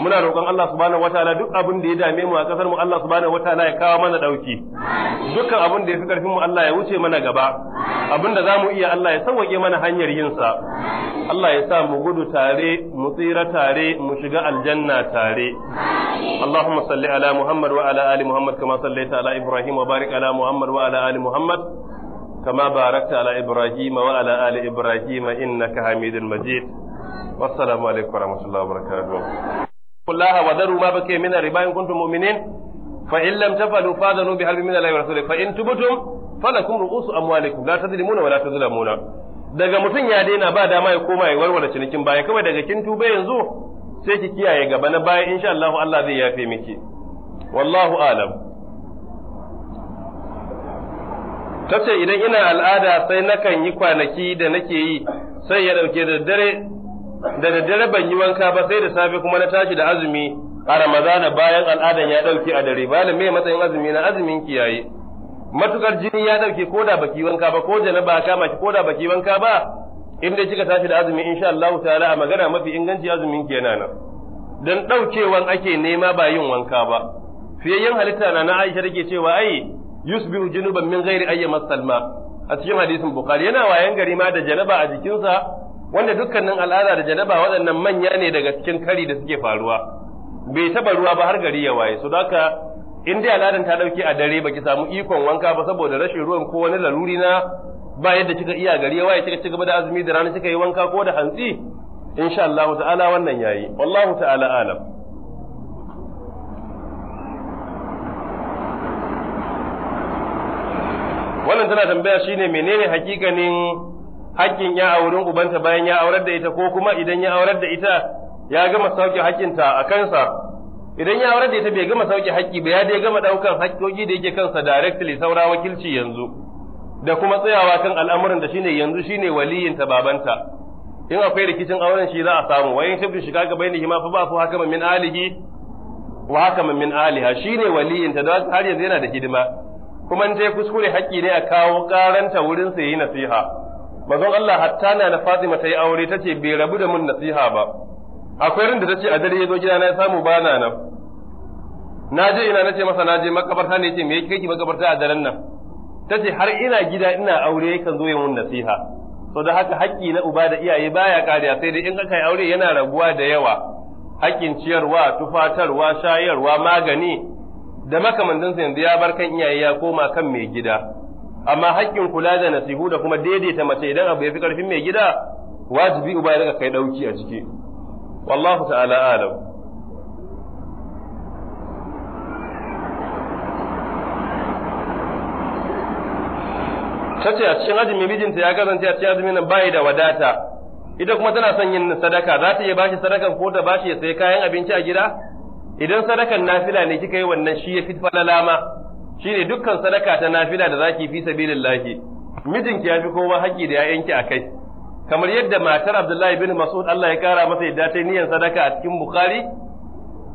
muna roƙon Allah subhanahu wata'ala duk abin da ya dame mu a kasar mu Allah subhanahu wata'ala ya kawo mana dauki dukkan abin da ya fi karfin mu Allah ya wuce mana gaba abin da zamu iya Allah ya sauke mana hanyar yin sa Allah ya sa mu gudu tare, mu tsira tare, mu shiga aljanna tare. Allahumma salli ala Muhammad wa ala ali Muhammad kama sallaita ala Ibrahim wa barik ala Muhammad wa ali Muhammad kama barakta ala Ibrahim wa ali Ibrahim innaka Hamidul Majid. Wassalamu alaikum wa rahmatullahi wa barakatuh. Kullaha Allah wa daru ma bake in kuntum mu'minin fa in lam tafalu fadanu bi halbi min Allah wa rasulih fa in tubtum falakum ru'usu amwalikum la tadlimuna wa la tadlamuna. daga mutum ya daina ba dama ya koma ya warware cinikin baya kawai daga kin tuba yanzu sai ki kiyaye gaba na baya insha Allah Allah zai yafe miki wallahu alam tace idan ina al'ada sai nakan yi kwanaki da nake yi sai ya dauke da dare da daddare ban yi wanka ba sai da safe kuma na tashi da azumi a ramadana bayan al'adan ya dauke a dare malam me matsayin azumi na azumin kiyaye matukar jini ya dauke ko da baki wanka ba ko janaba kama ki ko da baki wanka ba in dai kika tashi da azumi insha Allah ta'ala a magana mafi inganci azumin ki yana nan dan daukewan ake nema ba yin wanka ba fiyayyen halitta na na Aisha take cewa ai yusbihu junuban min ghairi ayyama salma a cikin hadisin Bukhari yana wayan gari ma da janaba a jikinsa wanda dukkanin al'ada da janaba waɗannan manya ne daga cikin kari da suke faruwa bai taba ruwa ba har gari ya waye so haka in dai al'adan ta dauke a dare baki samu ikon wanka ba saboda rashin ruwan ko wani laruri na ba yadda kika iya gari ya waye kika cigaba da azumi da rana kika yi wanka ko da hantsi insha Allah ta'ala wannan yayi wallahu ta'ala alam wannan tana tambaya shine menene hakikanin hakkin ya a ubanta bayan ya aurar da ita ko kuma idan ya aurar da ita ya gama sauke hakkinta a kansa idan ya aure da ita bai gama sauke haƙƙi ba ya dai gama ɗaukar haƙƙoƙi da yake kansa directly saura wakilci yanzu da kuma tsayawa kan al'amuran da shine yanzu shine waliyin ta babanta in akwai rikicin auren shi za a samu wayin in shibin shiga ga bayni ma fa ba fu haka min alihi wa haka min aliha shine waliyin ta da har yanzu yana da hidima kuma in dai kuskure haƙƙi ne a kawo karanta wurin sa yi nasiha mazan Allah hatta na Fatima ta yi aure ta ce bai rabu da mun nasiha ba akwai rin da ta ce a dare ya zo gida na samu ba na nan na je ina nace ce masa na je makabarta ne ce me yake kake makabarta a daren nan ta ce har ina gida ina aure yakan zo yin nasiha to da haka haƙƙi na uba da iyaye baya kariya sai dai in aka yi aure yana raguwa da yawa haƙƙin ciyarwa tufatarwa shayarwa magani da makamantansa yanzu ya bar kan iyaye ya koma kan mai gida amma haƙƙin kula da nasihu da kuma daidaita mace idan abu ya fi ƙarfin mai gida wajibi uba ya daga kai ɗauki a ciki wallahu ta'ala alam tace a cikin azumi mijinta ya kasance a cikin azumin nan bai da wadata ita kuma tana son yin sadaka za ta iya bashi sadakan ko ta bashi ya sai kayan abinci a gida idan sadakan nafila ne kika yi wannan shi ya fi falalama shine dukkan sadaka ta nafila da zaki fi sabilillahi mijinki ya fi kowa haƙƙi da 'ya'yanki a kai kamar yadda matar Abdullahi bin Mas'ud Allah ya kara masa yadda ta niyyar sadaka a cikin Bukhari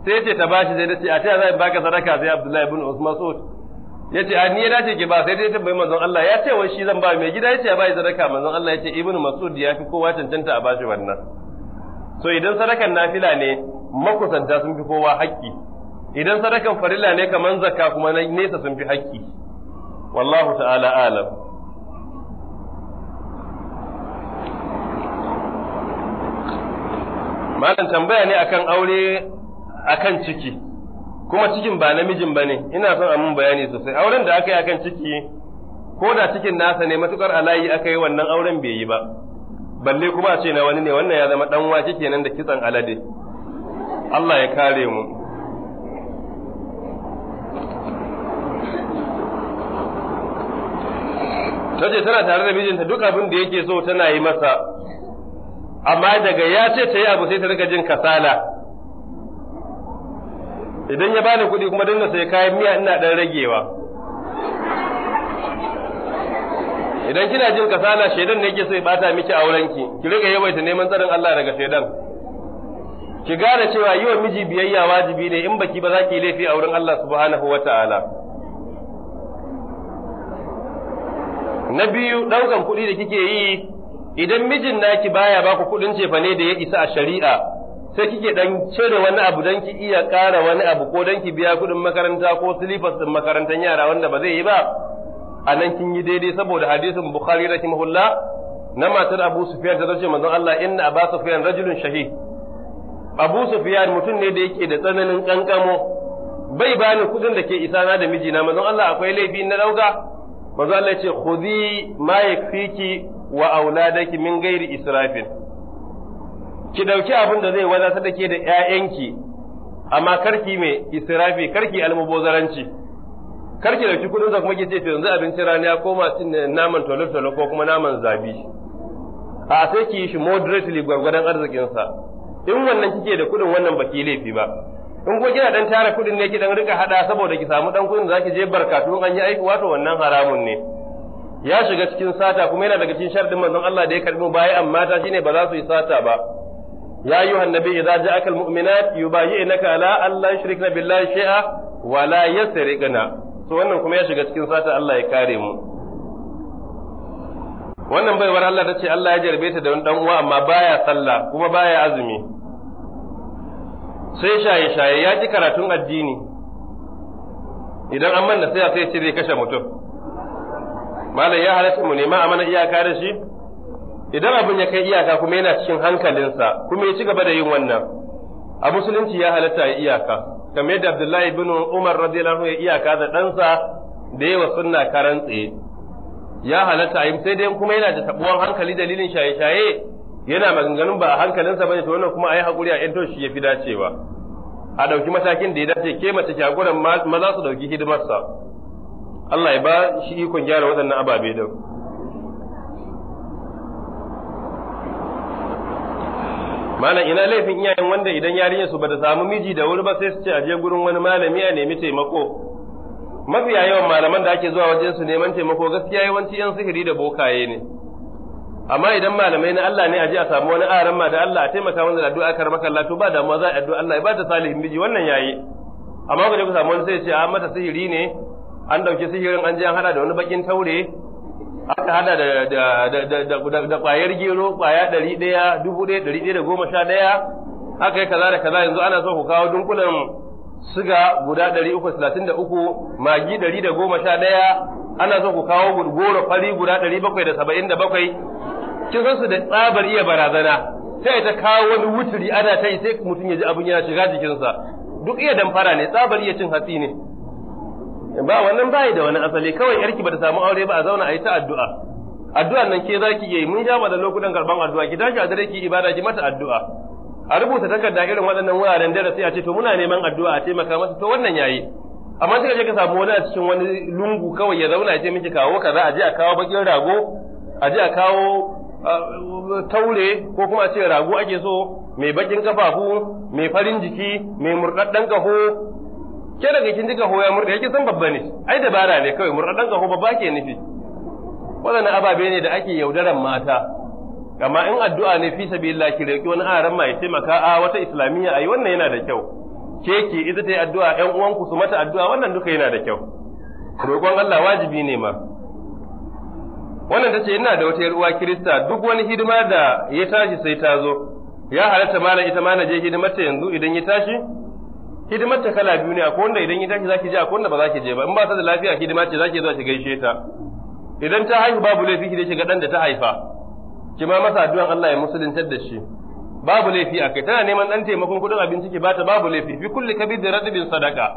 sai ce ta bashi sai ce a ta zai baka sadaka sai Abdullahi bin Mas'ud yace a niyan ya dace ki ba sai dai tambayi manzon Allah ya ce wai shi zan ba mai gida yace ya bai sadaka manzon Allah yace Ibn Mas'ud ya fi kowa cancanta a bashi wannan so idan sadakan nafila ne makusanta sun fi kowa haƙƙi idan sadakan farilla ne kamar zakka kuma nesa sun fi haƙƙi wallahu ta'ala alam malam tambaya ne akan aure akan ciki kuma cikin ba namijin ba ne ina son a bayani sosai auren da aka yi akan ciki ko da cikin nasa ne matukar alayi aka yi wannan auren bai yi ba balle kuma a ce na wani ne wannan ya zama dan wake kenan da kitsan alade Allah ya kare mu Taje tana tare da mijinta duk abin da yake so tana yi masa amma daga ya ce ta yi abu sai ta rika jin kasala idan ya bani kuɗi kuma dinga sai kayan miya ina ɗan ragewa idan kina jin kasala shaidan ne yake sai bata miki aurenki ki rika yawaita neman tsarin Allah daga shaidan ki gane cewa yi wa miji biyayya wajibi ne in baki ba za ki laifi a wurin Allah subhanahu wa ta'ala na biyu ɗaukan kuɗi da kike yi idan mijin naki baya ba baku kuɗin cefane da ya isa a shari'a sai kike dan cire wani abu dan ki iya ƙara wani abu ko dan ki biya kuɗin makaranta ko silifas din makarantar yara wanda ba zai yi ba a nan kin yi daidai saboda hadisin Bukhari rahimahullah na matar Abu Sufyan ta zace manzon Allah inna Abu Sufyan rajulun shahid Abu Sufyan mutum ne da yake da tsananin kankamo bai bani kuɗin da ke isa na da mijina manzon Allah akwai laifi na dauka manzon Allah ya ce khudhi ma yakfiki wa auladaki min gairi israfin ki dauki abin da zai wadatar da ke da ƴaƴanki amma karki mai israfi karki almubozaranci karki dauki kudin sa kuma ce yanzu abincin rana ya koma cin naman tolotolo ko kuma naman zabi a sai ki yi shi moderately gwargwadon arzikin sa in wannan kike da kudin wannan baki laifi ba in ko kina dan tara kudin ne ki dan rika hada saboda ki samu dan kudin zaki je barkatu an yi aiki wato wannan haramun ne ya shiga cikin sata kuma yana daga cikin sharɗin manzon Allah da ya karbi amma ta shine ba za su yi sata ba ya ayyuhan nabi idza ja'aka almu'minat yubayyi'naka ala alla yushrikna billahi shay'a wa la yasriqna to wannan kuma ya shiga cikin sata Allah ya kare mu wannan baiwar Allah ta ce Allah ya jarbe ta da wani dan uwa amma baya sallah kuma baya azumi sai shaye shaye ya ji karatun addini idan an manna sai sai ce zai kashe mutum malam ya halatta mu nema a mana iyaka da shi idan abin ya kai iyaka kuma yana cikin hankalinsa kuma ya ci gaba da yin wannan a musulunci ya halatta ya iyaka kamar yadda Abdullahi bin Umar radiyallahu ya iyaka da ɗansa da yawa sunna karan tsaye ya halatta a yi sai dai kuma yana da tabuwan hankali dalilin shaye-shaye yana maganganun ba a hankalinsa bane to wannan kuma a yi haƙuri a yanto shi ya fi dacewa a ɗauki matakin da ya dace ke mace ma maza su ɗauki hidimarsa Allah ya ba shi ikon gyara waɗannan ababe da. mana ina laifin iyayen wanda idan yarinyar su bata samu miji da wuri ba sai su ce aje gurin wani malami a nemi taimako mafiya yawan malaman da ake zuwa wajen su neman taimako gaskiya yawanci yan sihiri da bokaye ne amma idan malamai na Allah ne a ji a samu wani aran ma da Allah a taimaka wanda da addu'a kar maka to ba damuwa za a addu'a Allah ya ba ta salihin miji wannan yayi amma ku ku samu wani sai ya ce a ah, mata sihiri ne an ɗauki sihirin an je an hada da wani bakin taure aka hada da da da kwayar gero kwaya ɗari ɗaya dubu ɗaya ɗari ɗaya da goma sha ɗaya aka yi kaza da kaza yanzu ana so ku kawo dunkulan siga guda ɗari uku talatin da uku magi ɗari da goma sha ɗaya ana so ku kawo goro fari guda ɗari bakwai da saba'in da bakwai kin san su da tsabar iya barazana sai ta kawo wani wuturi ana ta yi sai mutum ya ji abin yana shiga jikinsa duk iya damfara ne tsabar iya cin hatsi ne ba wannan bai da wani asali kawai yarki ba ta samu aure ba a zauna a yi ta addu'a addu'an nan ke zaki yi mun ja da lokutan karban addu'a ki tashi a dare ki ibada ki mata addu'a a rubuta takarda irin waɗannan wuraren sai a ce to muna neman addu'a a taimaka masa to wannan yayi amma sai je ka samu wani a cikin wani lungu kawai ya zauna ya ce miki kawo kaza a je a kawo bakin rago a je a kawo uh, taure ko kuma a ce rago ake so mai bakin kafafu mai farin jiki mai murɗaɗɗen kaho ke daga kin ji kaho ya murɗe yake san babba ne ai dabara ne kawai dan gaho babba ke nufi wannan ababe ne da ake yaudaran mata amma in addu'a ne fi sabilillah ki roki wani aran mai taimaka a wata islamiyya ai wannan yana da kyau ke ki ita ta yi addu'a ɗan uwanku su mata addu'a wannan duka yana da kyau roƙon Allah wajibi ne ma wannan ta ce ina da wata yar uwa kirista duk wani hidima da ya tashi sai ta zo ya halatta malam ita ma na je hidimar ta yanzu idan ya tashi hidimar ta kala biyu ne a wanda idan ita zaki je a wanda ba zaki je ba in ba ta da lafiya hidima ce zaki zo ki gaishe ta idan ta haihu babu laifi ki dace ki ga dan da ta haifa ki ma masa addu'an Allah ya musuluntar da shi babu laifi a kai tana neman dan taimakon kudin abinci ki bata babu laifi fi kulli kabir da radbin sadaka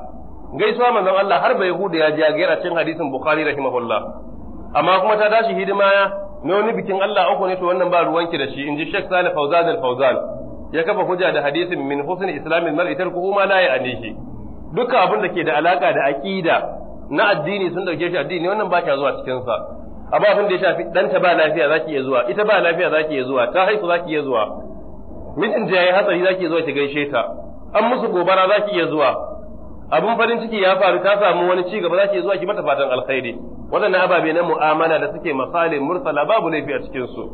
gaisuwa manzon Allah har bai huda ya ji a gaira cin hadisin bukhari rahimahullah amma kuma ta tashi hidima na wani bikin Allah uku ne to wannan ba ruwanki da shi inji Sheikh Salih Fauzan al-Fauzan ya kafa hujja da hadisin min husni islamin mar'i tarkuhu ma la ya'nihi duka abin da ke da alaka da aqida na addini sun dauke shi addini wannan ba ka zuwa cikin sa amma abin da ya shafi danta ba lafiya zaki iya zuwa ita ba lafiya zaki iya zuwa ta haihu zaki iya zuwa mijin ya yi hatsari zaki iya zuwa ki gaishe ta an musu gobara zaki iya zuwa abin farin ciki ya faru ta samu wani ci gaba zaki iya zuwa ki mata fatan alkhairi Wadannan ababe na mu'amala da suke masalin mursala babu laifi a cikin su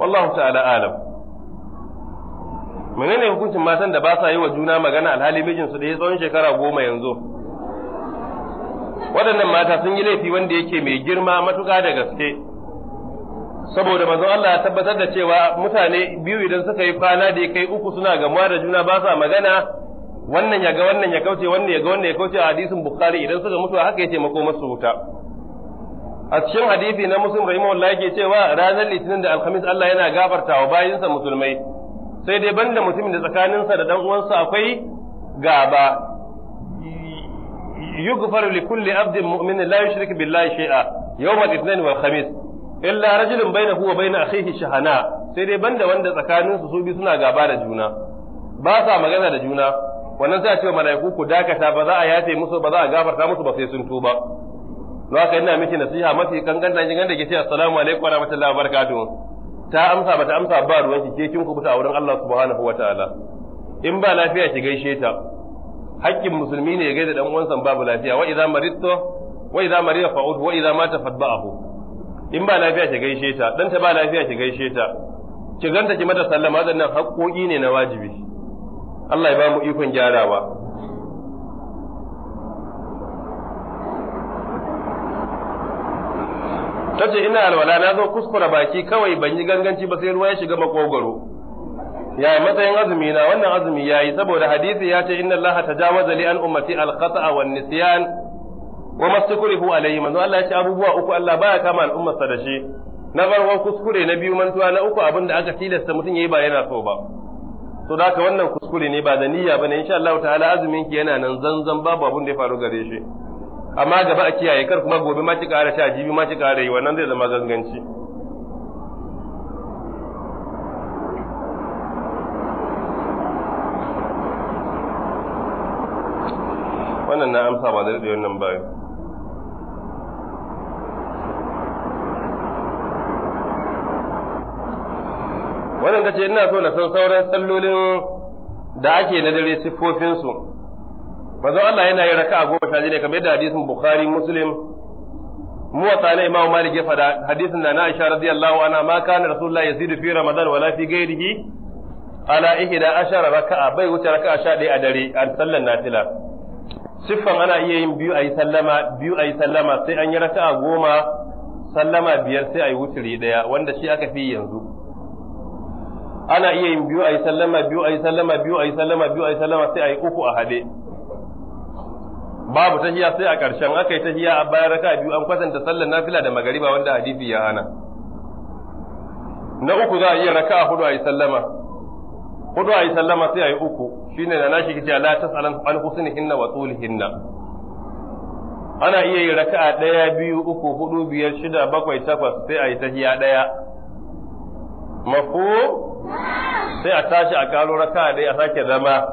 wallahu ta'ala alam menene hukuncin matan da ba sa yi wa juna magana alhali mijinsu da ya tsawon shekara goma yanzu waɗannan mata sun yi laifi wanda yake mai girma matuƙa da gaske saboda manzo Allah ya tabbatar da cewa mutane biyu idan suka yi kwana da ya kai uku suna gamuwa da juna ba sa magana wannan ya ga wannan ya kauce wannan ya ga wannan ya kauce a hadisin bukhari idan suka mutu haka yace mako masu wuta a cikin hadisi na muslim rahimahullahi ke cewa ranar litinin da alhamis Allah yana gafarta wa bayinsa musulmai sai dai banda mutumin da tsakaninsa da dan uwansa akwai gaba yughfaru li kulli abdin mu'min la yushrik billahi shay'a yawm al-ithnain wal khamis illa rajulun bainahu wa bain akhihi shahana sai dai banda wanda tsakaninsu su bi suna gaba da juna ba sa magana da juna wannan sai a ce mala'iku ku dakata ba za a yafe musu ba za a gafarta musu ba sai sun tuba don haka ina miki nasiha mafi kankan da kin da ke ce assalamu alaikum wa rahmatullahi wa barakatuh ta amsa ba ta amsa ba ruwan ki ke kin ku a wurin Allah subhanahu wataala in ba lafiya ki gaishe ta haƙƙin musulmi ne ya gaida dan uwansa babu lafiya wa idza maritto wa idza marida fa'ud wa idza mata fadba'ahu in ba lafiya ki gaishe ta dan ta ba lafiya ki gaishe ta ki ganta ki mata sallama wadannan haƙƙoƙi ne na wajibi Allah ya ba mu ikon gyarawa ta ce ina alwala na zo kuskura baki kawai ban yi ganganci ba sai ruwa ya shiga makogwaro ya matsayin azumi na wannan azumi ya yi saboda hadisi ya ce inna allaha tajawaza li an ummati al khata'a wan nisyan wa mastakrihu alayhi manzo Allah ya abubuwa uku Allah baya kama ummata da shi na farko kuskure na biyu mantuwa na uku abin da aka tilasta mutum yayi ba yana so ba to da haka wannan kuskure ne ba da niyya bane insha Allah ta'ala azumin ki yana nan zanzan babu abin da ya faru gare shi amma gaba a kiyaye kar kuma gobe ma ki ƙara sha jibi ma ki ƙara yi wannan zai zama ganganci wannan na amsa ba da wannan bayan wannan ta ce ina so na san sauran sallolin da ake na dare siffofinsu manzo Allah yana yin raka'a goma sha ne kamar yadda hadisin Bukhari Muslim muwatta na Imam Malik ya faɗa hadisin da na Aisha radiyallahu anha ma kana Rasulullah yazidu fi Ramadan wala fi ghairihi ala ihda ashara raka'a bai wuce raka'a sha ɗaya a dare a sallar nafila siffan ana iya yin biyu ayi sallama biyu ayi sallama sai an yi raka'a goma sallama biyar sai ayi wuturi daya wanda shi aka fi yanzu ana iya yin biyu ayi sallama biyu ayi sallama biyu ayi sallama biyu ayi sallama sai ayi uku a hade babu tahiya sai a ƙarshen aka yi ta tahiya a bayan raka biyu an kwatanta sallar nafila da magariba wanda hadisi ya hana na uku za a iya raka hudu a yi sallama hudu a yi sallama sai a yi uku ne na nashi ala ta salan an hinna wa hinna ana iya raka a ɗaya biyu uku hudu biyar shida bakwai takwas sai a yi ta tahiya ɗaya mafu sai a tashi a karo raka'a ɗaya a sake zama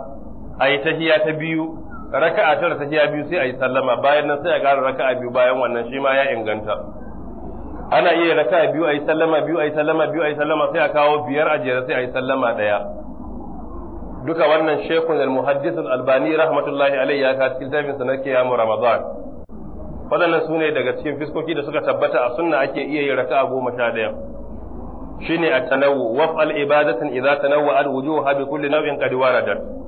a yi ta tahiya ta biyu raka'a tara tahiya biyu sai a yi sallama bayan nan sai a ƙara raka'a biyu bayan wannan shi ma ya inganta ana iya raka'a biyu a yi sallama biyu a yi sallama biyu a yi sallama sai a kawo biyar a jere sai a yi sallama ɗaya duka wannan shekun al-muhaddis al-albani rahmatullahi alayhi ya ka cikin tafin na kiyamu ramadan waɗannan su ne daga cikin fiskoki da suka tabbata a sunna ake iya yin raka'a goma sha ɗaya shine at-tanawwu waf'al ibadatan idza tanawwa al wujuhu bi kulli naw'in qad waradat